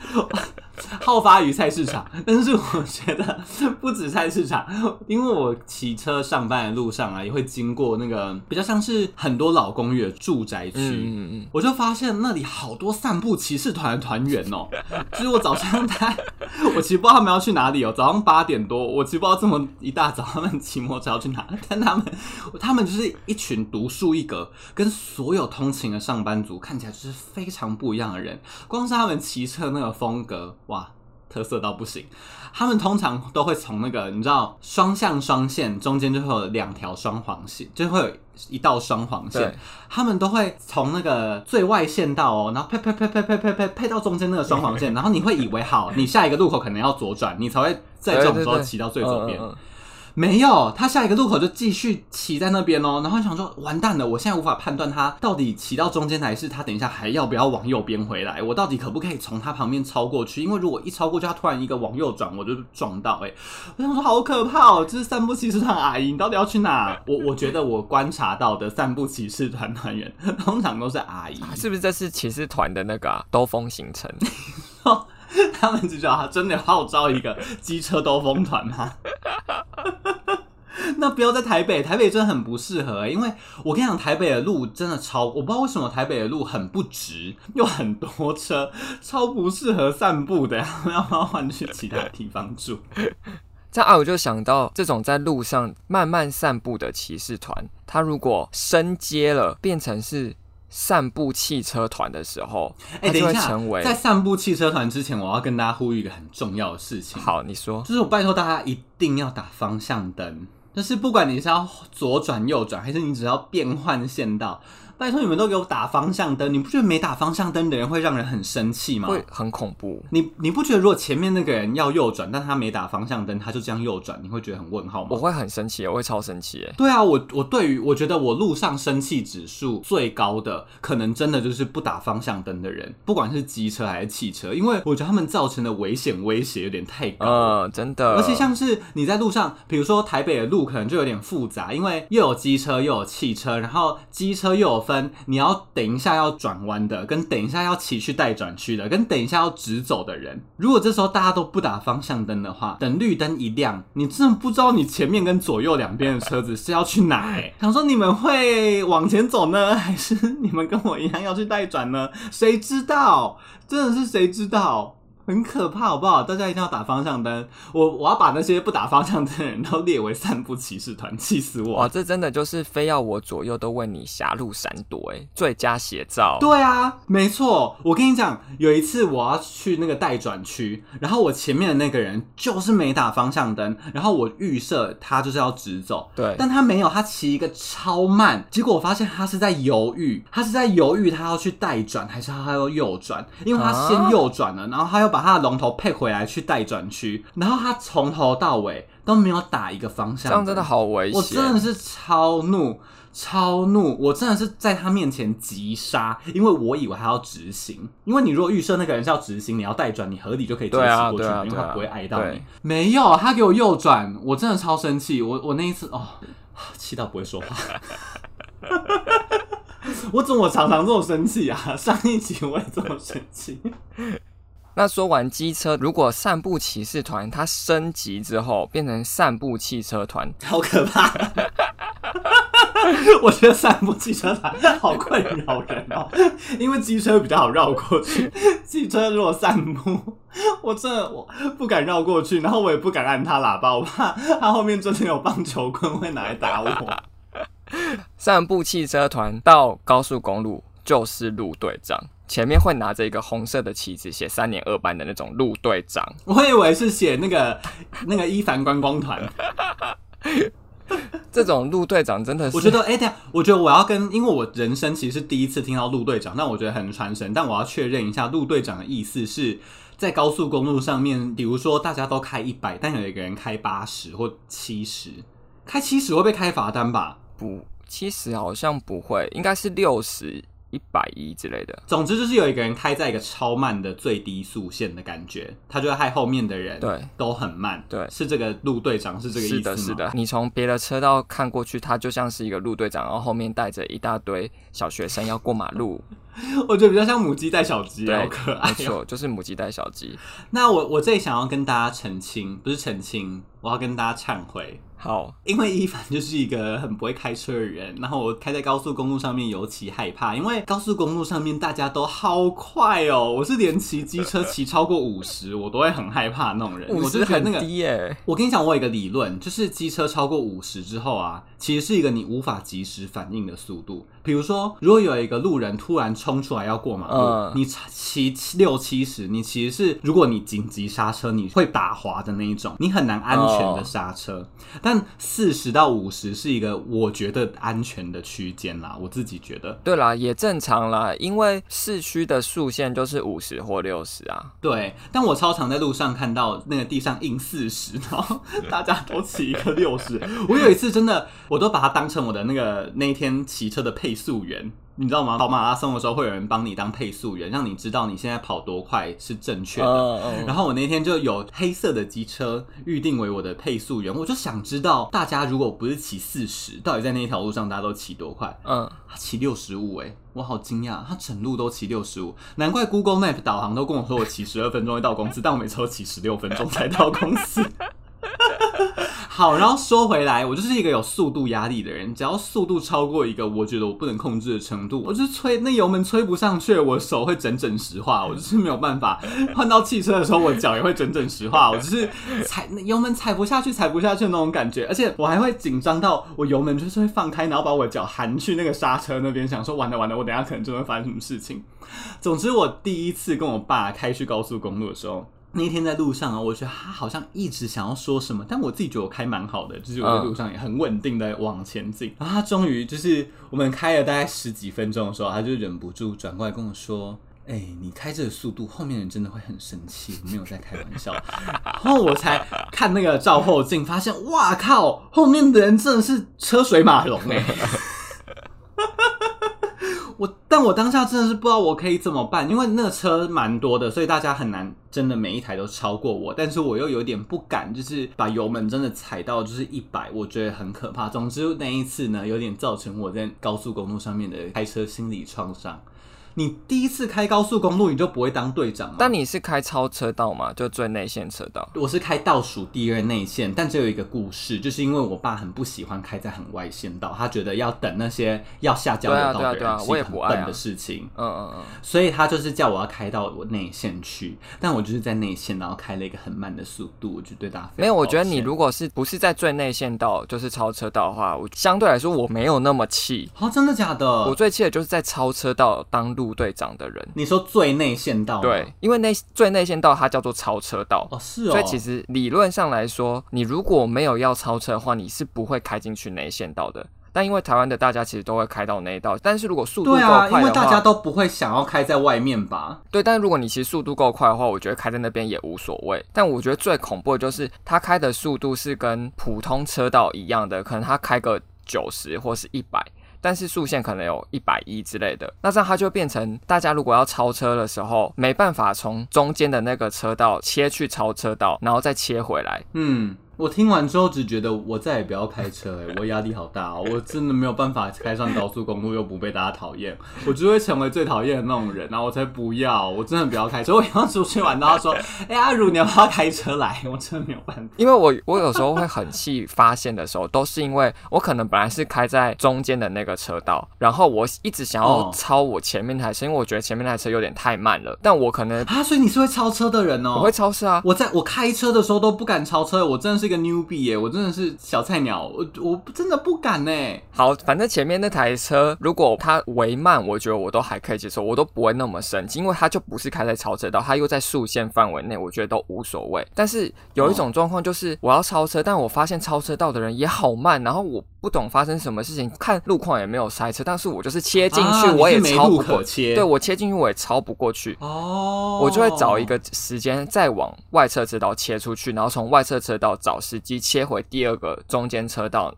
好發於菜市場，但是我覺得不止菜市場，因為我騎車上班的路上啊，也會經過那個比較像是很多老公寓的住宅區，嗯嗯。我就發現那裡好多散步騎士團的團員哦。就是我早上他，我其實不知道他們要去哪裡哦。早上八點多，我其實不知道這麼一大早他們騎摩托車要去哪，但他們。他們就是一群獨樹一格，跟所有通勤的上班族看起來就是非常不一樣的人。光是他們騎車那個風格，哇，特色到不行。他們通常都會從那個你知道雙向雙線中間就會有兩條雙黃線，就會有一道雙黃線。對他們都會從那個最外線道哦，然後配配配配配配配，配到中間那個雙黃線， 然後你會以為好，你下一個路口可能要左轉，你才會在這種時候騎到最左邊。對對對，嗯嗯。沒有，他下一個路口就繼續騎在那邊哦，然後想說，完蛋了，我現在無法判斷他到底騎到中間還是他等一下還要不要往右邊回來？我到底可不可以從他旁邊超過去？因為如果一超過，他突然一個往右轉，我就撞到，欸。哎，我想說，好可怕哦！這是散步騎士團，阿姨你到底要去哪？我我覺得我觀察到的散步騎士團團員通常都是阿姨，啊、是不是？這是騎士團的那個、啊、兜風行程？ 他們就知道他真的號召一個機車兜風團嗎？ 那不要在台北，台北真的很不適合，欸，因為我跟你講，台北的路真的超，我不知道為什麼台北的路很不直，又很多車，超不適合散步的。要不要換去其他地方住？這樣啊，我就想到這種在路上慢慢散步的騎士團，他如果升階了，變成是。散步汽車團的時候，他就會成為，哎、欸，等一下，在散步汽車團之前，我要跟大家呼籲一個很重要的事情。好，你說，就是我拜托大家一定要打方向燈，但、就是不管你是要左轉、右轉，還是你只要變換線道。拜託你們都給我打方向燈，你不覺得沒打方向燈的人會讓人很生氣嗎？會很恐怖。你你不覺得如果前面那個人要右轉，但他沒打方向燈，他就這樣右轉，你會覺得很問號嗎？我會很生氣，我會超生氣。對啊，我我對於我覺得我路上生氣指數最高的，可能真的就是不打方向燈的人，不管是機車還是汽車，因為我覺得他們造成的危險威脅有點太高了。嗯，真的，而且像是你在路上，比如說台北的路可能就有點複雜，因為又有機車又有汽車，然後機車又有。你要等一下要轉彎的，跟等一下要騎去待轉區的，跟等一下要直走的人，如果這時候大家都不打方向燈的話，等綠燈一亮，你真的不知道你前面跟左右兩邊的車子是要去哪？誒，想說你們會往前走呢，還是你們跟我一樣要去待轉呢？誰知道？真的是誰知道？很可怕，好不好？大家一定要打方向燈。我我要把那些不打方向燈的人，然後列為散步騎士團，氣死我！啊，這真的就是非要我左右都為你狹路閃躲、欸，哎，最佳寫照。對啊，沒錯。我跟你講，有一次我要去那個待轉區，然後我前面的那個人就是沒打方向燈，然後我預設他就是要直走，對，但他沒有，他騎一個超慢，結果我發現他是在猶豫，他是在猶豫他要去待轉還是他要右轉，因為他先右轉了，啊、然後他又把。把他的龍頭配回來去待轉區，然後他從頭到尾都沒有打一個方向，這樣真的好危險！我真的是超怒，超怒！我真的是在他面前急剎，因為我以為他要直行。因為你如果預設那個人是要直行，你要待轉，你合理就可以直行過去，因為他不會挨到你。沒有，他給我右轉，我真的超生氣！我我那一次哦，氣到不會說話。 我怎麼常常這麼生氣啊？上一集我也這麼生氣。 那說完機車，如果散步騎士團它升級之後變成散步汽車團，好可怕！ 我覺得散步汽車團好困擾人哦，因為機車會比較好繞過去，汽車如果散步，我真的我不敢繞過去，然後我也不敢按他喇叭，我怕它後面真的有棒球棍會拿來打我。散步汽車團到高速公路就是路隊長。前面會拿着一個紅色的旗子，寫三年二班的那種陸隊長。我以為是寫那個那個伊凡觀光團。 這種陸隊長真的，我覺得哎，對、欸、啊，我覺得我要跟，因為我人生其實第一次聽到陸隊長，但我覺得很傳神。但我要確認一下，陸隊長的意思是在高速公路上面，比如說大家都開一百，但有一個人開八十或七十，開七十會被開罰單吧？不，七十好像不會，應該是六十。一百一之類的，總之就是有一個人開在一個超慢的最低速限的感覺，他就會害後面的人，對，都很慢，對，對是這個路隊長是這個意思嗎？是的，是的。你從別的車道看過去，他就像是一個路隊長，然後後面帶着一大堆小學生要過馬路。 我覺得比較像母雞帶小雞，好可愛，喔對，沒錯，就是母雞帶小雞。 那我我這裡想要跟大家澄清，不是澄清，我要跟大家懺悔。好，因為伊凡就是一個很不會開車的人，然後我開在高速公路上面尤其害怕，因為高速公路上面大家都好快哦、喔。我是連騎機車騎超過五十，我都會很害怕的那種人。五十 50、那個、很低哎、欸。我跟你講，我有一個理論，就是機車超過五十之後啊，其實是一個你無法及時反應的速度。比如說，如果有一個路人突然衝出來要過馬路，嗯、你騎六七十，70，你其實是如果你緊急剎車，你會打滑的那一種，你很難安全的剎車。嗯、但但四十到五十是一個我覺得安全的區間啦，我自己覺得。對啦，也正常啦，因為市區的速限就是五十或六十啊。對，但我超常在路上看到那個地上印四十，然後大家都騎一個六十。我有一次真的，我都把它當成我的那個那一天騎車的配速員。你知道嗎？跑馬拉松的時候，會有人幫你當配速員，讓你知道你現在跑多快是正確的。Oh, oh. 然後我那天就有黑色的機車預定為我的配速員，我就想知道大家如果不是騎四十，到底在那條路上大家都騎多快？嗯，oh. 他騎六十五欸，我好驚訝，他整路都騎六十五，難怪 Google Map 導航都跟我說我騎十二分鐘會到公司， 但我每次都騎十六分鐘才到公司。 好，然後說回來，我就是一個有速度壓力的人。只要速度超過一個我覺得我不能控制的程度，我就催，那油門，催不上去，我手會整整石化，我就是沒有辦法。換到汽車的時候，我腳也會整整石化，我就是踩那油門踩不下去，踩不下去那種感覺。而且我還會緊張到我油門就是會放開，然後把我腳含去那個剎車那邊，想說完了完了，我等下可能就會發生什麼事情。總之，我第一次跟我爸開去高速公路的時候，那天在路上啊，我覺得他好像一直想要說什麼，但我自己覺得我開蠻好的，就是我在路上也很穩定的往前進。嗯、然後他終於就是我們開了大概十幾分鐘的時候，他就忍不住轉過來跟我說：“哎、欸，你開這個速度，後面人真的會很生氣，沒有在開玩笑。” 然後我才看那個照後鏡，發現哇靠，後面的人真的是車水馬龍哎、欸。 我，但我當下真的是不知道我可以怎麼辦，因為那個車蠻多的，所以大家很難真的每一台都超過我，但是我又有點不敢，就是把油門真的踩到就是一百，我覺得很可怕。總之那一次呢，有點造成我在高速公路上面的開車心理創傷。你第一次開高速公路，你就不會當隊長？但你是開超車道嗎？就最內線車道？我是開倒數第二內線。但這有一個故事，就是因為我爸很不喜歡開在很外線道，他覺得要等那些要下交流道的人是很笨的事情。對啊對啊對啊啊、嗯嗯嗯。所以他就是叫我要開到我內線去。但我就是在內線，然後開了一個很慢的速度，就對大家沒有。我覺得你如果是不是在最內線道，就是超車道的話，我相對來說我沒有那麼氣。啊、哦，真的假的？我最氣的就是在超車道擋路。隊長的人，你說最內線道？對，因為內最內線道它叫做超車道。哦，是哦。所以其實理論上來說，你如果沒有要超車的話，你是不會開進去內線道的。但因為台灣的大家其實都會開到內道，但是如果速度夠快的話。對啊，因為大家都不會想要開在外面吧？對，但如果你其實速度夠快的話，我覺得開在那邊也無所謂。但我覺得最恐怖的就是他開的速度是跟普通車道一樣的，可能他開個九十或是一百。但是速限可能有一百一之類的，那這樣它就變成大家如果要超車的時候，沒辦法從中間的那個車道切去超車道，然後再切回來。嗯。我聽完之後只覺得我再也不要開車哎、欸，我壓力好大哦、喔，我真的沒有辦法開上高速公路又不被大家討厭，我就會成為最討厭的那種人啊！我才不要，我真的不要開車。所以 我剛出去玩，他說：“哎、 欸、阿如你要不要開車來？”我真的沒有辦法，因為我我有時候會很氣發現的時候， 都是因為我可能本來是開在中間的那個車道，然後我一直想要超我前面那台車，因為我覺得前面那台車有點太慢了。但我可能啊，所以你是會超車的人哦、喔？我會超車啊！我在我開車的時候都不敢超車、欸，我真的是。個 newbie 耶，我真的是小菜鳥，我我真的不敢呢。好，反正前面那台車如果它微慢，我覺得我都還可以接受，我都不會那麼生氣，因為它就不是開在超車道，它又在速限範圍內，我覺得都無所謂。但是有一種狀況就是我要超車，但我發現超車道的人也好慢，然後我不懂發生什麼事情，看路況也沒有塞車，但是我就是切進去，我也超不、啊、沒路可切，對，我切進去我也超不過去哦，我就會找一個時間再往外側車道切出去，然後從外側車道找。找時機切回第二個中間車道，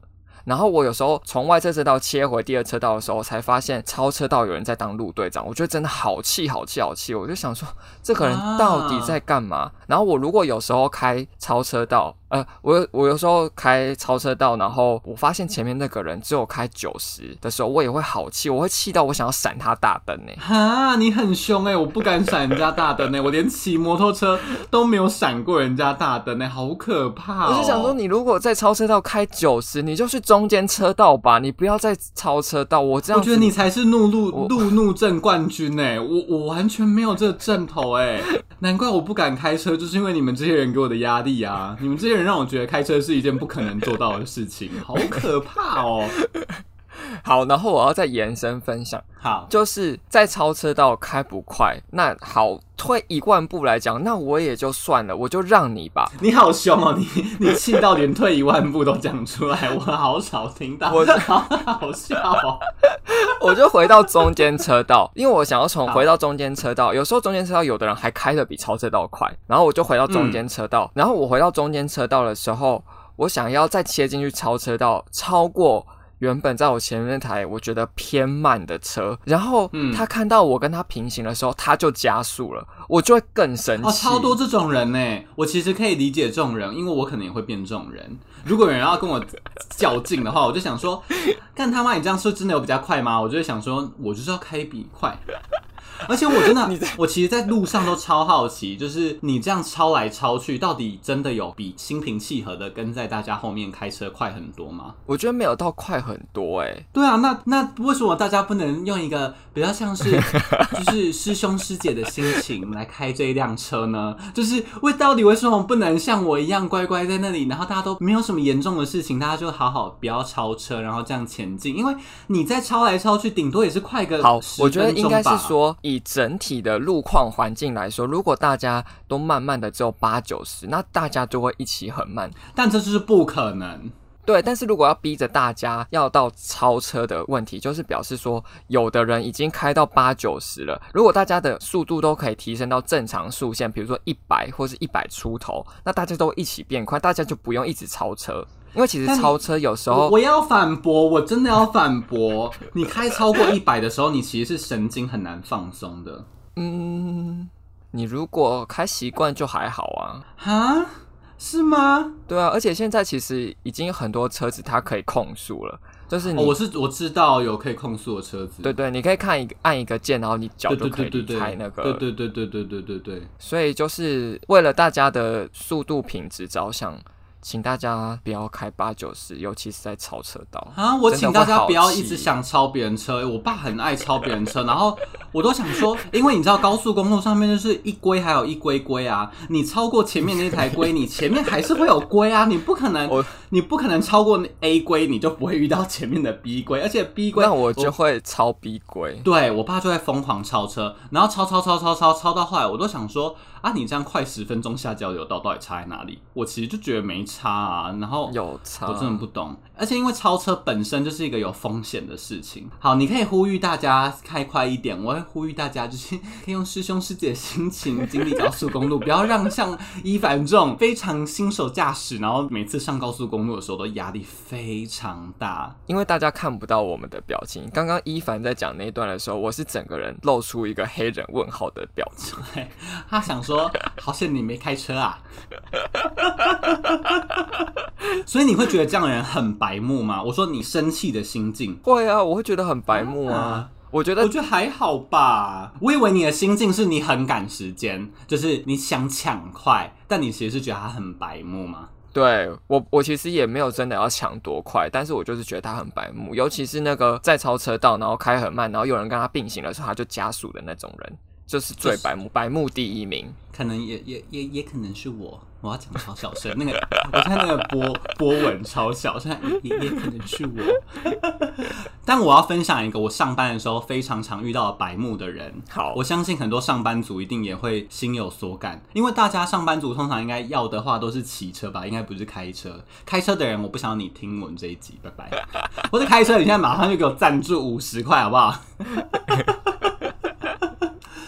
然後我有時候從外側車道切回第二車道的時候，才發現超車道有人在當路隊長，我覺得真的好氣好氣好氣！我就想說，這個人到底在幹嘛？然後我如果有時候開超車道。呃，我我有時候開超車道，然後我發現前面那個人只有開九十的時候，我也會好氣，我會氣到我想要閃他大燈呢、欸。哈、啊，你很凶哎、欸！我不敢閃人家大燈呢、欸， 我連騎摩托車都沒有閃過人家大燈呢、欸，好可怕、喔、我是想說，你如果在超車道開九十，你就去中間車道吧，你不要再超車道。我這樣我覺得你才是怒怒我路怒症冠軍呢、欸，我我完全沒有這症頭哎、欸！難怪我不敢開車，就是因為你們這些人給我的壓力啊！你們這些人。讓我覺得開車是一件不可能做到的事情，好可怕哦。好，然後我要再延伸分享。好，就是在超車道開不快，那好，退一萬步來講，那我也就算了，我就讓你吧。你好凶哦，你你氣到連退一萬步都講出來， 我好少聽到，我 好好笑哦。我就回到中間車道，因為我想要從回到中間車道。好有時候中間車道有的人還開得比超車道快，然後我就回到中間車道。嗯，然後我回到中間車道的時候，我想要再切進去超車道，超過。原本在我前面那台，我覺得偏慢的車，然後他看到我跟他平行的時候，他就加速了，我就會更生氣。超、啊、多這種人呢、欸，我其實可以理解這種人，因為我可能也會變這種人。如果有人要跟我較勁 的話，我就想說，幹他媽！你這樣說真的有比較快嗎？我就會想說，我就是要開比快。 而且我真的，我其實在路上都超好奇，就是你這樣超來超去，到底真的有比心平氣和的跟在大家後面開車快很多嗎？我覺得沒有到快很多誒、欸。對啊，那那為什麼大家不能用一個比較像是就是師兄師姐的心情來開這一輛車呢？就是為到底為什麼不能像我一樣乖乖在那裡，然後大家都沒有什麼嚴重的事情，大家就好好不要超車，然後這樣前進？因為你在超來超去，頂多也是快個好十分鐘，我覺得應該是說。以整體的路況環境來說，如果大家都慢慢的只有八九十，那大家都會一起很慢。但這就是不可能。對，但是如果要逼着大家要到超車的問題，就是表示說，有的人已經開到八九十了。如果大家的速度都可以提升到正常速限，比如說一百或是一百出頭，那大家都一起變快，大家就不用一直超車。因為其實超車有時候，我要反駁，我真的要反駁。你開超過一百的時候，你其實是神經很難放鬆的。嗯，你如果開習慣就還好啊。哈，是嗎？對啊，而且現在其實已經很多車子它可以控速了。就是，我是我知道有可以控速的車子。對對，你可以看一個按一個鍵，然後你腳就可以踩那個。對對對對對對對對。所以，就是為了大家的速度品質着想。請大家不要開八九十，90, 尤其是在超車道啊！我請大家不要一直想超別人車。我爸很愛超別人車，然後我都想說，因為你知道高速公路上面就是一龜還有一龜龜啊，你超過前面那台龜，所以 你前面還是會有龜啊，你不可能，我 你不可能超過 A 龜，你就不會遇到前面的 B 龜，而且 B 龜那我就會超 B 龜，對我爸就會瘋狂超車，然後超超超超超超到後來，我都想說。啊，你這樣快十分鐘下交流道到，到底差在哪裡？我其實就覺得沒差啊。然後有差，我真的不懂。而且因為超車本身就是一個有風險的事情。好，你可以呼籲大家開快一點。我會呼籲大家，就是可以用師兄師姐的心情經歷高速公路， 不要讓像伊凡這種非常新手駕駛，然後每次上高速公路的時候都壓力非常大。因為大家看不到我們的表情。剛剛伊凡在講那一段的時候，我是整個人露出一個黑人問號的表情。他想說。 說 好像你沒開車啊， 所以你會覺得這樣的人很白目嗎？我說你生氣的心境，會啊，我會覺得很白目啊。嗯，我覺得我覺得還好吧。我以為你的心境是你很趕時間，就是你想搶快，但你其實是覺得他很白目嗎？對，我，我其實也沒有真的要搶多快，但是我就是覺得他很白目，尤其是那個在超車道，然後開很慢，然後有人跟他並行的時候，他就加速的那種人。就是最白目白目第一名、就是，可能也也也也可能是我。我要講超小聲，那個 我看那個波波文超小聲，也也可能是我。 但我要分享一個我上班的時候非常常遇到的白目的人。好，我相信很多上班族一定也會心有所感，因為大家上班族通常應該要的話都是騎車吧，應該不是開車。開車的人，我不想要你聽我們這一集，拜拜。我 是開車，你現在馬上就給我贊助五十塊好不好？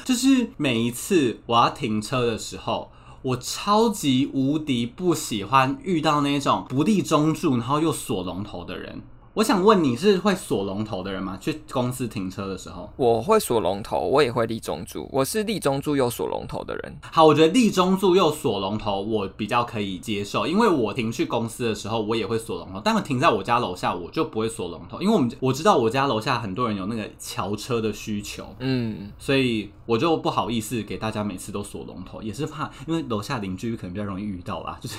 就是每一次我要停車的時候，我超級無敵不喜歡遇到那種不立中柱，然後又鎖龍頭的人。我想問你是會鎖龍頭的人嗎？去公司停車的時候，我會鎖龍頭，我也會立中柱。我是立中柱又鎖龍頭的人。好，我覺得立中柱又鎖龍頭我比較可以接受，因為我停去公司的時候我也會鎖龍頭，但是停在我家樓下我就不會鎖龍頭，因為我們我知道我家樓下很多人有那個喬車的需求，嗯，所以我就不好意思給大家每次都鎖龍頭，也是怕因為樓下鄰居可能比較容易遇到啦，就是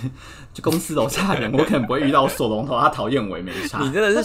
就公司樓下人我可能不會遇到鎖龍頭， 他討厭我也沒差，你真的是。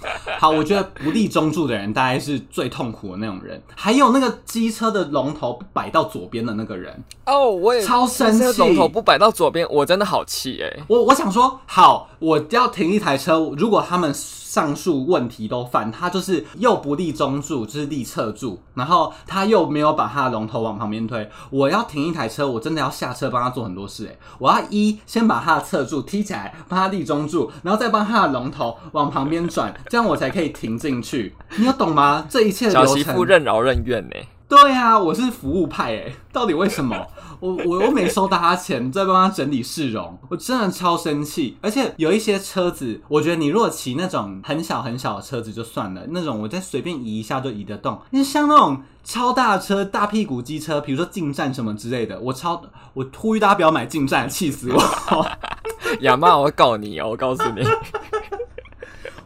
好，我覺得不立中柱的人大概是最痛苦的那種人。還有那個機車的龍頭擺到左邊的那個人哦，我也超生氣，龍頭不擺到左邊，我真的好氣誒、欸。我我想說，好，我要停一台車，如果他們上述問題都犯，他就是又不立中柱，就是立側柱，然後他又沒有把他的龍頭往旁邊推，我要停一台車，我真的要下車幫他做很多事誒、欸。我要一先把他的側柱踢起來，幫他立中柱，然後再幫他的龍頭往旁邊轉， 這樣我才。可以停進去，你有懂嗎？這一切的流程，小媳婦任勞任怨呢、欸。對呀、啊，我是服務派哎、欸，到底為什麼？ 我我我沒收大家錢，再幫他整理市容，我真的超生氣。而且有一些車子，我覺得你如果騎那種很小很小的車子就算了，那種我再隨便移一下就移得動。你像那種超大的車、大屁股機車，比如說勁戰什麼之類的，我超我呼籲大家不要買勁戰，氣死我！亞 媽，我告你哦，我告訴你。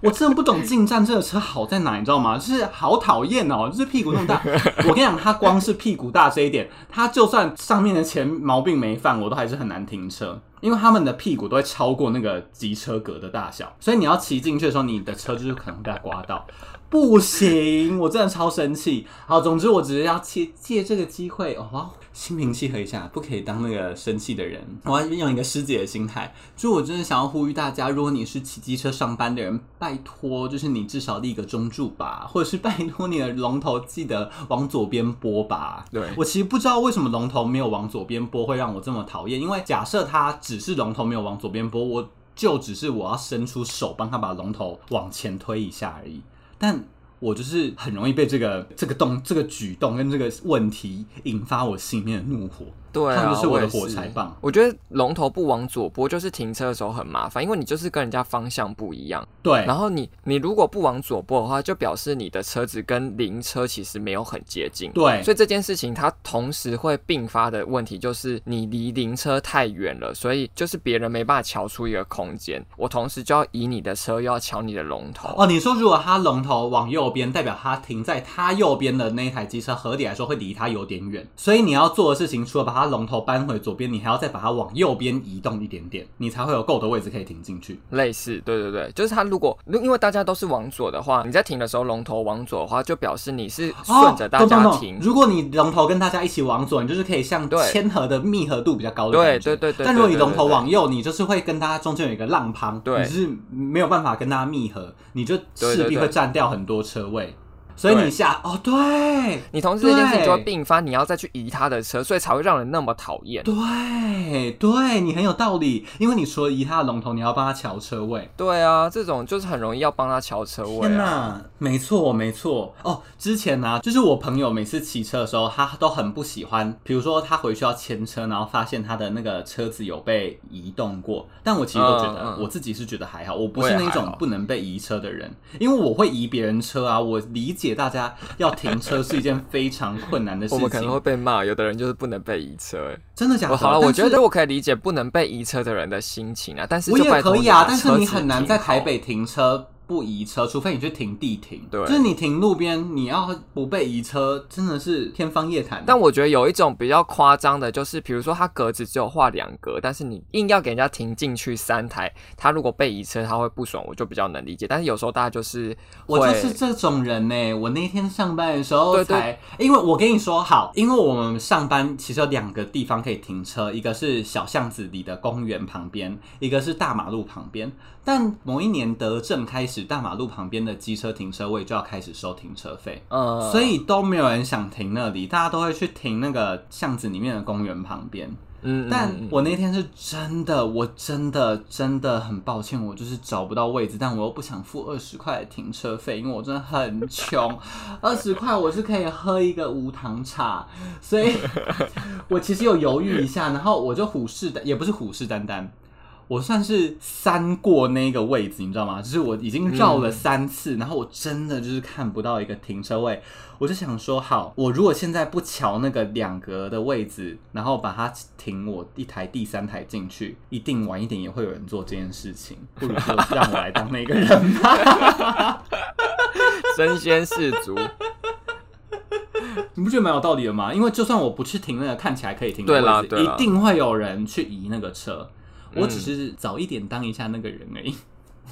我真的不懂勁戰這個車好在哪，你知道嗎？就是好討厭哦，就是屁股那麼大。我跟你講，它光是屁股大這一點，它就算上面的錢毛病沒犯，我都還是很難停車，因為他們的屁股都會超過那個機車格的大小，所以你要騎進去的時候，你的車就是可能會被它刮到。 不行，我真的超生氣。好，總之我只是要借借這個機會，哦，哇，心平氣和一下，不可以當那個生氣的人。我要用一個師姐的心態，就我真的想要呼籲大家，如果你是騎機車上班的人，拜托，就是你至少立個中柱吧，或者是拜托你的龍頭記得往左邊撥吧。對。我其實不知道為什麼龍頭沒有往左邊撥會讓我這麼討厭，因為假設它只是龍頭沒有往左邊撥，我就只是我要伸出手幫他把龍頭往前推一下而已。但我就是很容易被這個、這個動、這個舉動跟這個問題引發我心裡面的怒火。對啊，是我的火柴棒，我也是。我覺得龍頭不往左撥，就是停車的時候很麻煩，因為你就是跟人家方向不一樣。對，然後你你如果不往左撥的話，就表示你的車子跟鄰車其實沒有很接近。對，所以這件事情它同時會併發的問題就是你離鄰車太遠了，所以就是別人沒辦法喬出一個空間，我同時就要移你的車，又要喬你的龍頭。哦，你說如果他龍頭往右邊，代表他停在他右邊的那台機車，合理來說會離他有點遠，所以你要做的事情除了把它龍頭扳回左邊，你還要再把它往右邊移動一點點，你才會有夠的位置可以停進去。類似，對對對，就是它如果因為大家都是往左的話，你在停的時候，龍頭往左的話，就表示你是順着大家停。哦、如果你龍頭跟大家一起往左，你就是可以像嵌合的密合度比較高的感覺。對，對對對，對，對。但如果你龍頭往右，你就是會跟它中間有一個浪旁，對。你是沒有辦法跟它密合，你就勢必會占掉很多車位。對對對對所以你下對哦，對你同時這件事你就會並發，你要再去移他的車，所以才會讓人那麼討厭。對，對你很有道理，因為你除了移他的龍頭，你要幫他喬車位。對啊，這種就是很容易要幫他喬車位，啊。天哪、啊，沒錯，沒錯。哦，之前呢、啊，就是我朋友每次騎車的時候，他都很不喜歡，比如說他回去要牽車，然後發現他的那個車子有被移動過。但我其實都覺得，嗯嗯、我自己是覺得還好，我不是那種不能被移車的人，因為我會移別人車啊，我理解。解大家要停車是一件非常困難的事情， 我們可能會被罵。有的人就是不能被移車，真的假的？好了、啊，是我覺得我可以理解不能被移車的人的心情啊。但是就拜託，我也可以啊，但是你很難在台北停車。不移車，除非你去停地停，對，就是你停路邊，你要不被移車，真的是天方夜譚。但我覺得有一種比較誇張的，就是比如說他格子只有畫兩格，但是你硬要給人家停進去三台，他如果被移車，他會不爽，我就比較能理解。但是有時候大家就是，我就是這種人呢、欸。我那天上班的時候才，對對，因為我跟你說好，因為我們上班其實有兩個地方可以停車，一個是小巷子裡的公園旁邊，一個是大馬路旁邊。但某一年德政開始，大馬路旁邊的機車停車位就要開始收停車費，所以都沒有人想停那裡，大家都會去停那個巷子裡面的公園旁邊。嗯，但我那天是真的，我真的真的很抱歉，我就是找不到位置，但我又不想付二十塊停車費，因為我真的很窮，二十塊我是可以喝一個無糖茶，所以，我其實有猶豫一下，然後我就虎視的也不是虎視眈眈。我算是三過那個位置，你知道嗎？就是我已經繞了三次，嗯、然後我真的就是看不到一個停車位。我就想說，好，我如果現在不喬那個兩格的位置，然後把它停，我一台第三台進去，一定晚一點也會有人做這件事情。不如說是讓我來當那個人哈，身先士卒。你不覺得蠻有道理的嗎？因為就算我不去停那個看起來可以停的位置，一定會有人去移那個車。我只是早一點當一下那個人而已，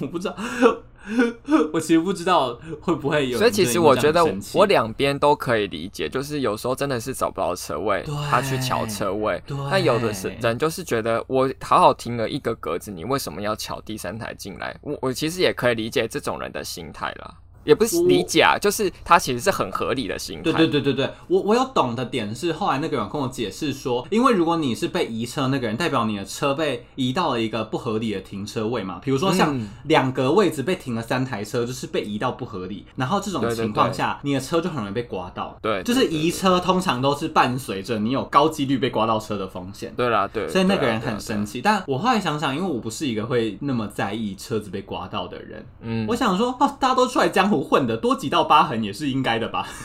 嗯、 我不知道， 我其實不知道會不會有。所以其實我覺得我兩邊都可以理解，就是有時候真的是找不到車位，他去搶車位。對。那有的人就是覺得我好好停了一個格子，你為什麼要搶第三台進來？我我其實也可以理解這種人的心態啦。也不是理解、啊，哦、就是他其實是很合理的行為。對對對對對，我我有懂的點是，後來那個人跟我解釋說，因為如果你是被移車，那個人代表你的車被移到了一個不合理的停車位嘛，比如說像兩格位置被停了三台車，就是被移到不合理。然後這種情況下，對對對對你的車就很容易被刮到。對，對，對，就是移車通常都是伴隨着你有高幾率被刮到車的風險。對啦、啊，對，所以那個人很生氣。啊啊啊、但我後來想想，因為我不是一個會那麼在意車子被刮到的人。嗯，我想說，哦，大家都出來江混的多幾道疤痕也是應該的吧？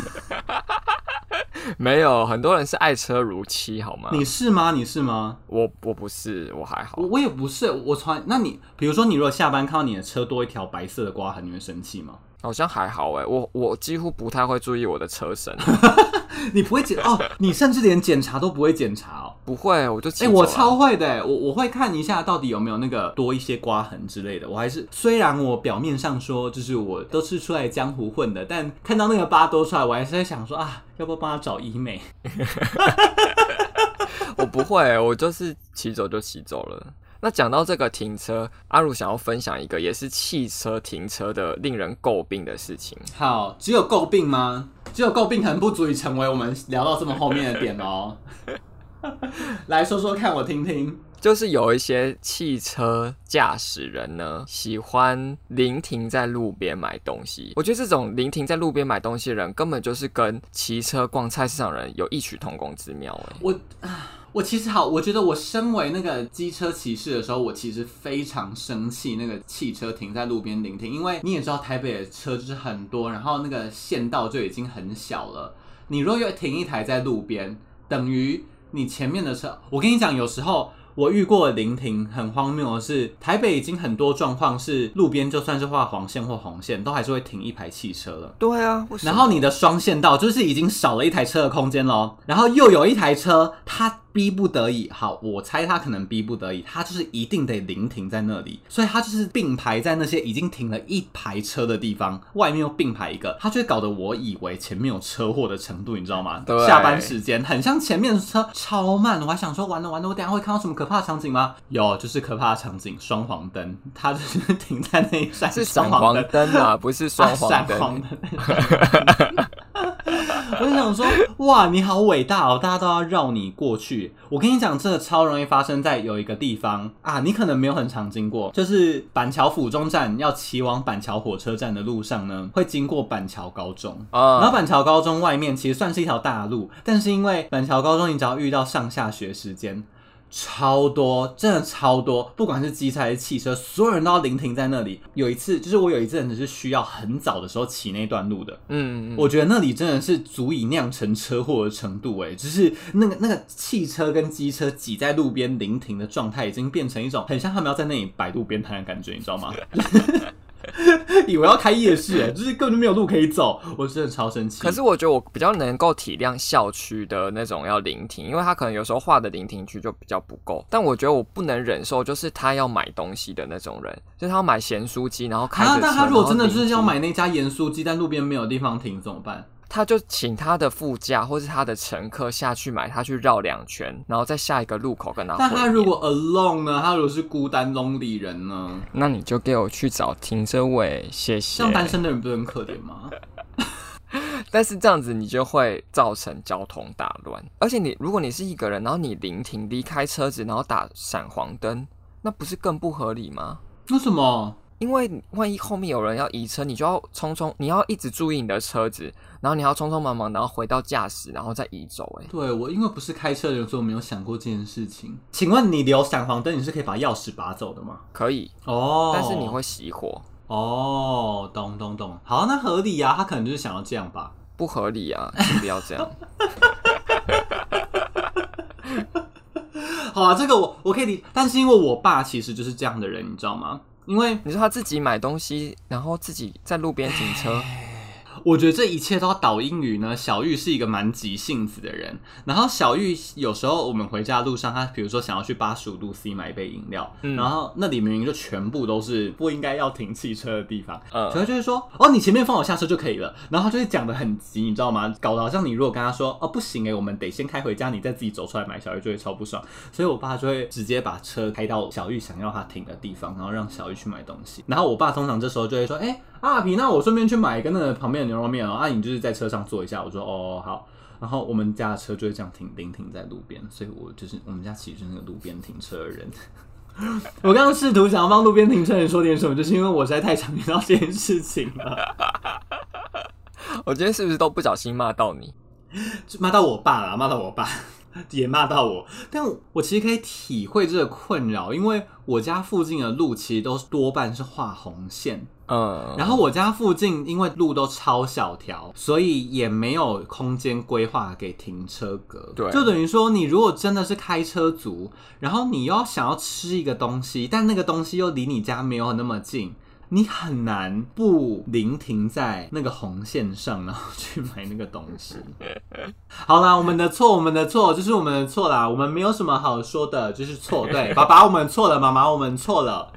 沒有很多人是愛車如漆好嗎？你是嗎？你是嗎？我我不是，我還好我，我也不是。我從來，那你比如說你如果下班看到你的車多一條白色的刮痕，你會生氣嗎？好像還好誒、欸、我我幾乎不太會注意我的車身。 你不會檢哦？你甚至連檢查都不會檢查哦？不會，我就哎、欸，我超會的、欸，我我會看一下到底有沒有那個多一些刮痕之類的。我還是雖然我表面上說就是我都是出來江湖混的，但看到那個疤多出來，我還是在想說啊，要不要幫他找醫美？哈哈哈，我不會、欸，我就是騎走就騎走了。那講到這個停車，阿儒想要分享一個也是汽車停車的令人詬病的事情。好，只有詬病嗎？只有詬病可能不足以成為我們聊到這麼後面的點哦。 來說說看，我聽聽。就是有一些汽車駕駛人呢，喜歡臨停在路邊買東西。我覺得這種臨停在路邊買東西的人，根本就是跟騎車逛菜市場的人有異曲同工之妙哎。我啊。我其實好，我覺得我身為那個機車騎士的時候，我其實非常生氣那個汽車停在路邊臨停，因為你也知道台北的車就是很多，然後那個線道就已經很小了。你如果要停一台在路邊，等於你前面的車，我跟你講，有時候我遇過臨停很荒謬的是，台北已經很多狀況是路邊就算是畫黃線或紅線，都還是會停一排汽車了。對啊，我然後你的雙線道就是已經少了一台車的空間咯，然後又有一台車它。逼不得已，好，我猜他可能逼不得已，他就是一定得臨停在那裡，所以他就是並排在那些已經停了一排車的地方外面又並排一個，他就會搞得我以為前面有車禍的程度，你知道嗎？對下班時間很像前面的車超慢，我還想說完了完了，我等一下會看到什麼可怕的場景嗎？有，就是可怕的場景，雙黃燈，他就是停在那裡閃，是閃黃燈啊，不是雙黃燈。我就想說，哇，你好偉大哦！大家都要繞你過去。我跟你講，這超容易發生在有一個地方啊，你可能沒有很常經過，就是板橋府中站要騎往板橋火車站的路上呢，會經過板橋高中啊。Uh. 然後板橋高中外面其實算是一條大路，但是因為板橋高中，你只要遇到上下學時間。超多，真的超多！不管是機車還是汽車，所有人都要臨停在那裡。有一次，就是我有一陣子是需要很早的時候騎那段路的。嗯，嗯，我覺得那裡真的是足以釀成車禍的程度，欸，哎，就是那個那個汽車跟機車擠在路邊臨停的狀態，已經變成一種很像他們要在那裡擺路邊攤的感覺，你知道嗎？ 我 要開夜市，就是根本就沒有路可以走，我真的超生氣。可是我覺得我比較能夠體諒校區的那種要臨停，因為他可能有時候畫的臨停區就比較不夠。但我覺得我不能忍受，就是他要買東西的那種人，就是他要買鹽酥雞，然後開著車。那那、啊、他如果真的就是要買那家鹽酥雞，但路邊沒有地方停，怎麼辦？他就請他的副駕或是他的乘客下去買，他去繞兩圈，然後在下一個路口跟他。那他如果 alone 呢？他如果是孤單 lonely 人呢？那你就給我去找停車位，謝謝。像單身的人不是很可憐嗎？ 對對對 但是這樣子你就會造成交通大亂，而且你如果你是一個人，然後你臨停離開車子，然後打閃黃燈，那不是更不合理嗎？為什麼？因為萬一後面有人要移車，你就要匆匆，你要一直注意你的車子，然後你要匆匆忙忙，然後回到駕駛，然後再移走、欸。哎，對，我因為不是開車的人，所以我沒有想過這件事情。請問你留閃黃燈，你是可以把鑰匙拔走的嗎？可以。哦。Oh, 但是你會熄火。哦。Oh, 懂，懂，懂。好，那合理啊。他可能就是想要這樣吧。不合理啊！請不要這樣。哈哈哈哈哈哈哈哈哈哈！好啊，這個我我可以理，但是因為我爸其實就是這樣的人，你知道嗎？因為你說他自己買東西，然後自己在路邊停車。我覺得這一切都要導因於呢。小玉是一個蠻急性子的人，然後小玉有時候，我們回家的路上，他比如說想要去八十五度 C 買一杯飲料，嗯、然後那裡面明明就全部都是不應該要停汽車的地方，小玉、嗯、就會說：“哦，你前面放我下車就可以了。”然後他就會講得很急，你知道嗎？搞得好像你如果跟他說：“哦，不行哎、欸，我們得先開回家，你再自己走出來買。”小玉就會超不爽，所以我爸就會直接把車開到小玉想要他停的地方，然後讓小玉去買東西。然後我爸通常這時候就會說：“哎、欸。”阿、啊、皮，那我順便去買一個那個旁邊的牛肉麵哦。阿、啊、穎就是在車上坐一下。我說哦，哦好，然後我們家的車就會這樣停停停在路邊，所以我就是我們家其實是那個路邊停車的人。 我剛剛試圖想要幫路邊停車人說點什麼，就是因為我實在太常遇到這件事情了。 我今天是不是都不小心罵到你？就罵到我爸了，罵到我爸。也罵到我，但我其實可以體會這個困擾，因為我家附近的路其實都是多半是畫紅線，嗯，然後我家附近因為路都超小條，所以也沒有空間規劃給停車格，對，就等於說你如果真的是開車族，然後你又想要吃一個東西，但那個東西又離你家沒有那麼近，你很難不臨停在那個紅線上，然後去買那個東西。好啦，我們的錯，我們的錯，就是我們的錯啦。我們沒有什麼好說的，就是錯。對，爸爸我們錯了，媽媽我們錯了。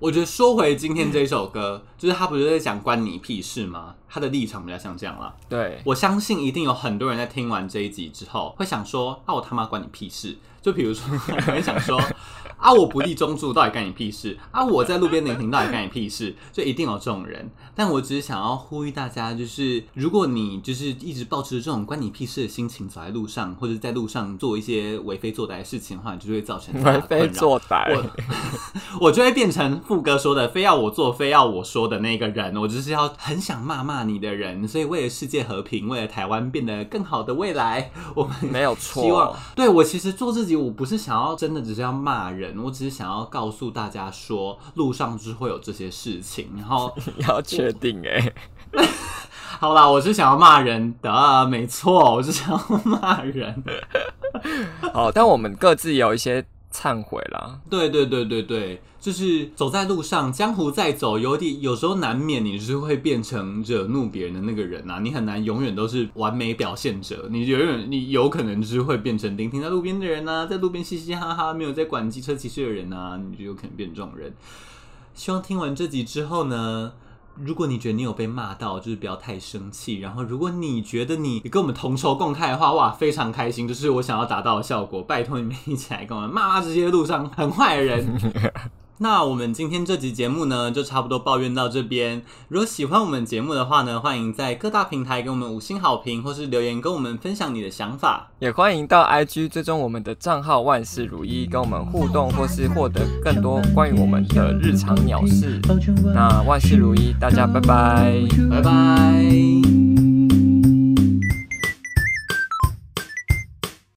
我覺得說回今天這一首歌，嗯、就是他不就在講關你屁事嗎？他的立場比較像這樣啦。對，我相信一定有很多人在聽完這一集之後會想說：“啊，我他媽關你屁事！”就比如說，我會想說。 啊！我不立中柱，到底關你屁事？啊！我在路邊冷飲，到底關你屁事？就一定有這種人，但我只是想要呼籲大家，就是如果你就是一直抱持這種關你屁事的心情走在路上，或者在路上做一些為非作歹的事情的話，你就會造成為非作歹。我我就會變成副歌說的，非要我做，非要我說的那個人。我就是要很想罵罵你的人。所以，為了世界和平，為了台灣變得更好的未來，我們沒有錯。希望對我其實做自己，我不是想要真的，只是要罵人。我只是想要告訴大家說，路上就是會有這些事情，然後 要確定哎、欸。 好啦，我是想要罵人的，沒錯，我是想要罵人的。 好，但我們各自有一些。懺悔啦，對對對對對，就是走在路上，江湖在走，有點有時候難免你就是會變成惹怒別人的那個人啊。你很難永遠都是完美表現者，你永遠你有可能就是會變成停停在路邊的人啊，在路邊嘻嘻哈哈沒有在管機車騎士的人啊，你就有可能變這種人。希望聽完這集之後呢，如果你覺得你有被罵到，就是不要太生氣。然後，如果你覺得你跟我們同仇共愾的話，哇，非常開心，這，就是我想要達到的效果。拜托你們一起來跟我們罵罵這些路上很壞的人。 那我們今天這集節目呢，就差不多抱怨到這邊。如果喜歡我們節目的話呢，歡迎在各大平台給我們五星好評，或是留言跟我們分享你的想法。也歡迎到 IG 追蹤我們的賬號萬事如意，跟我們互動，或是獲得更多關於我們的日常鳥事。那萬事如意，大家拜拜，拜拜。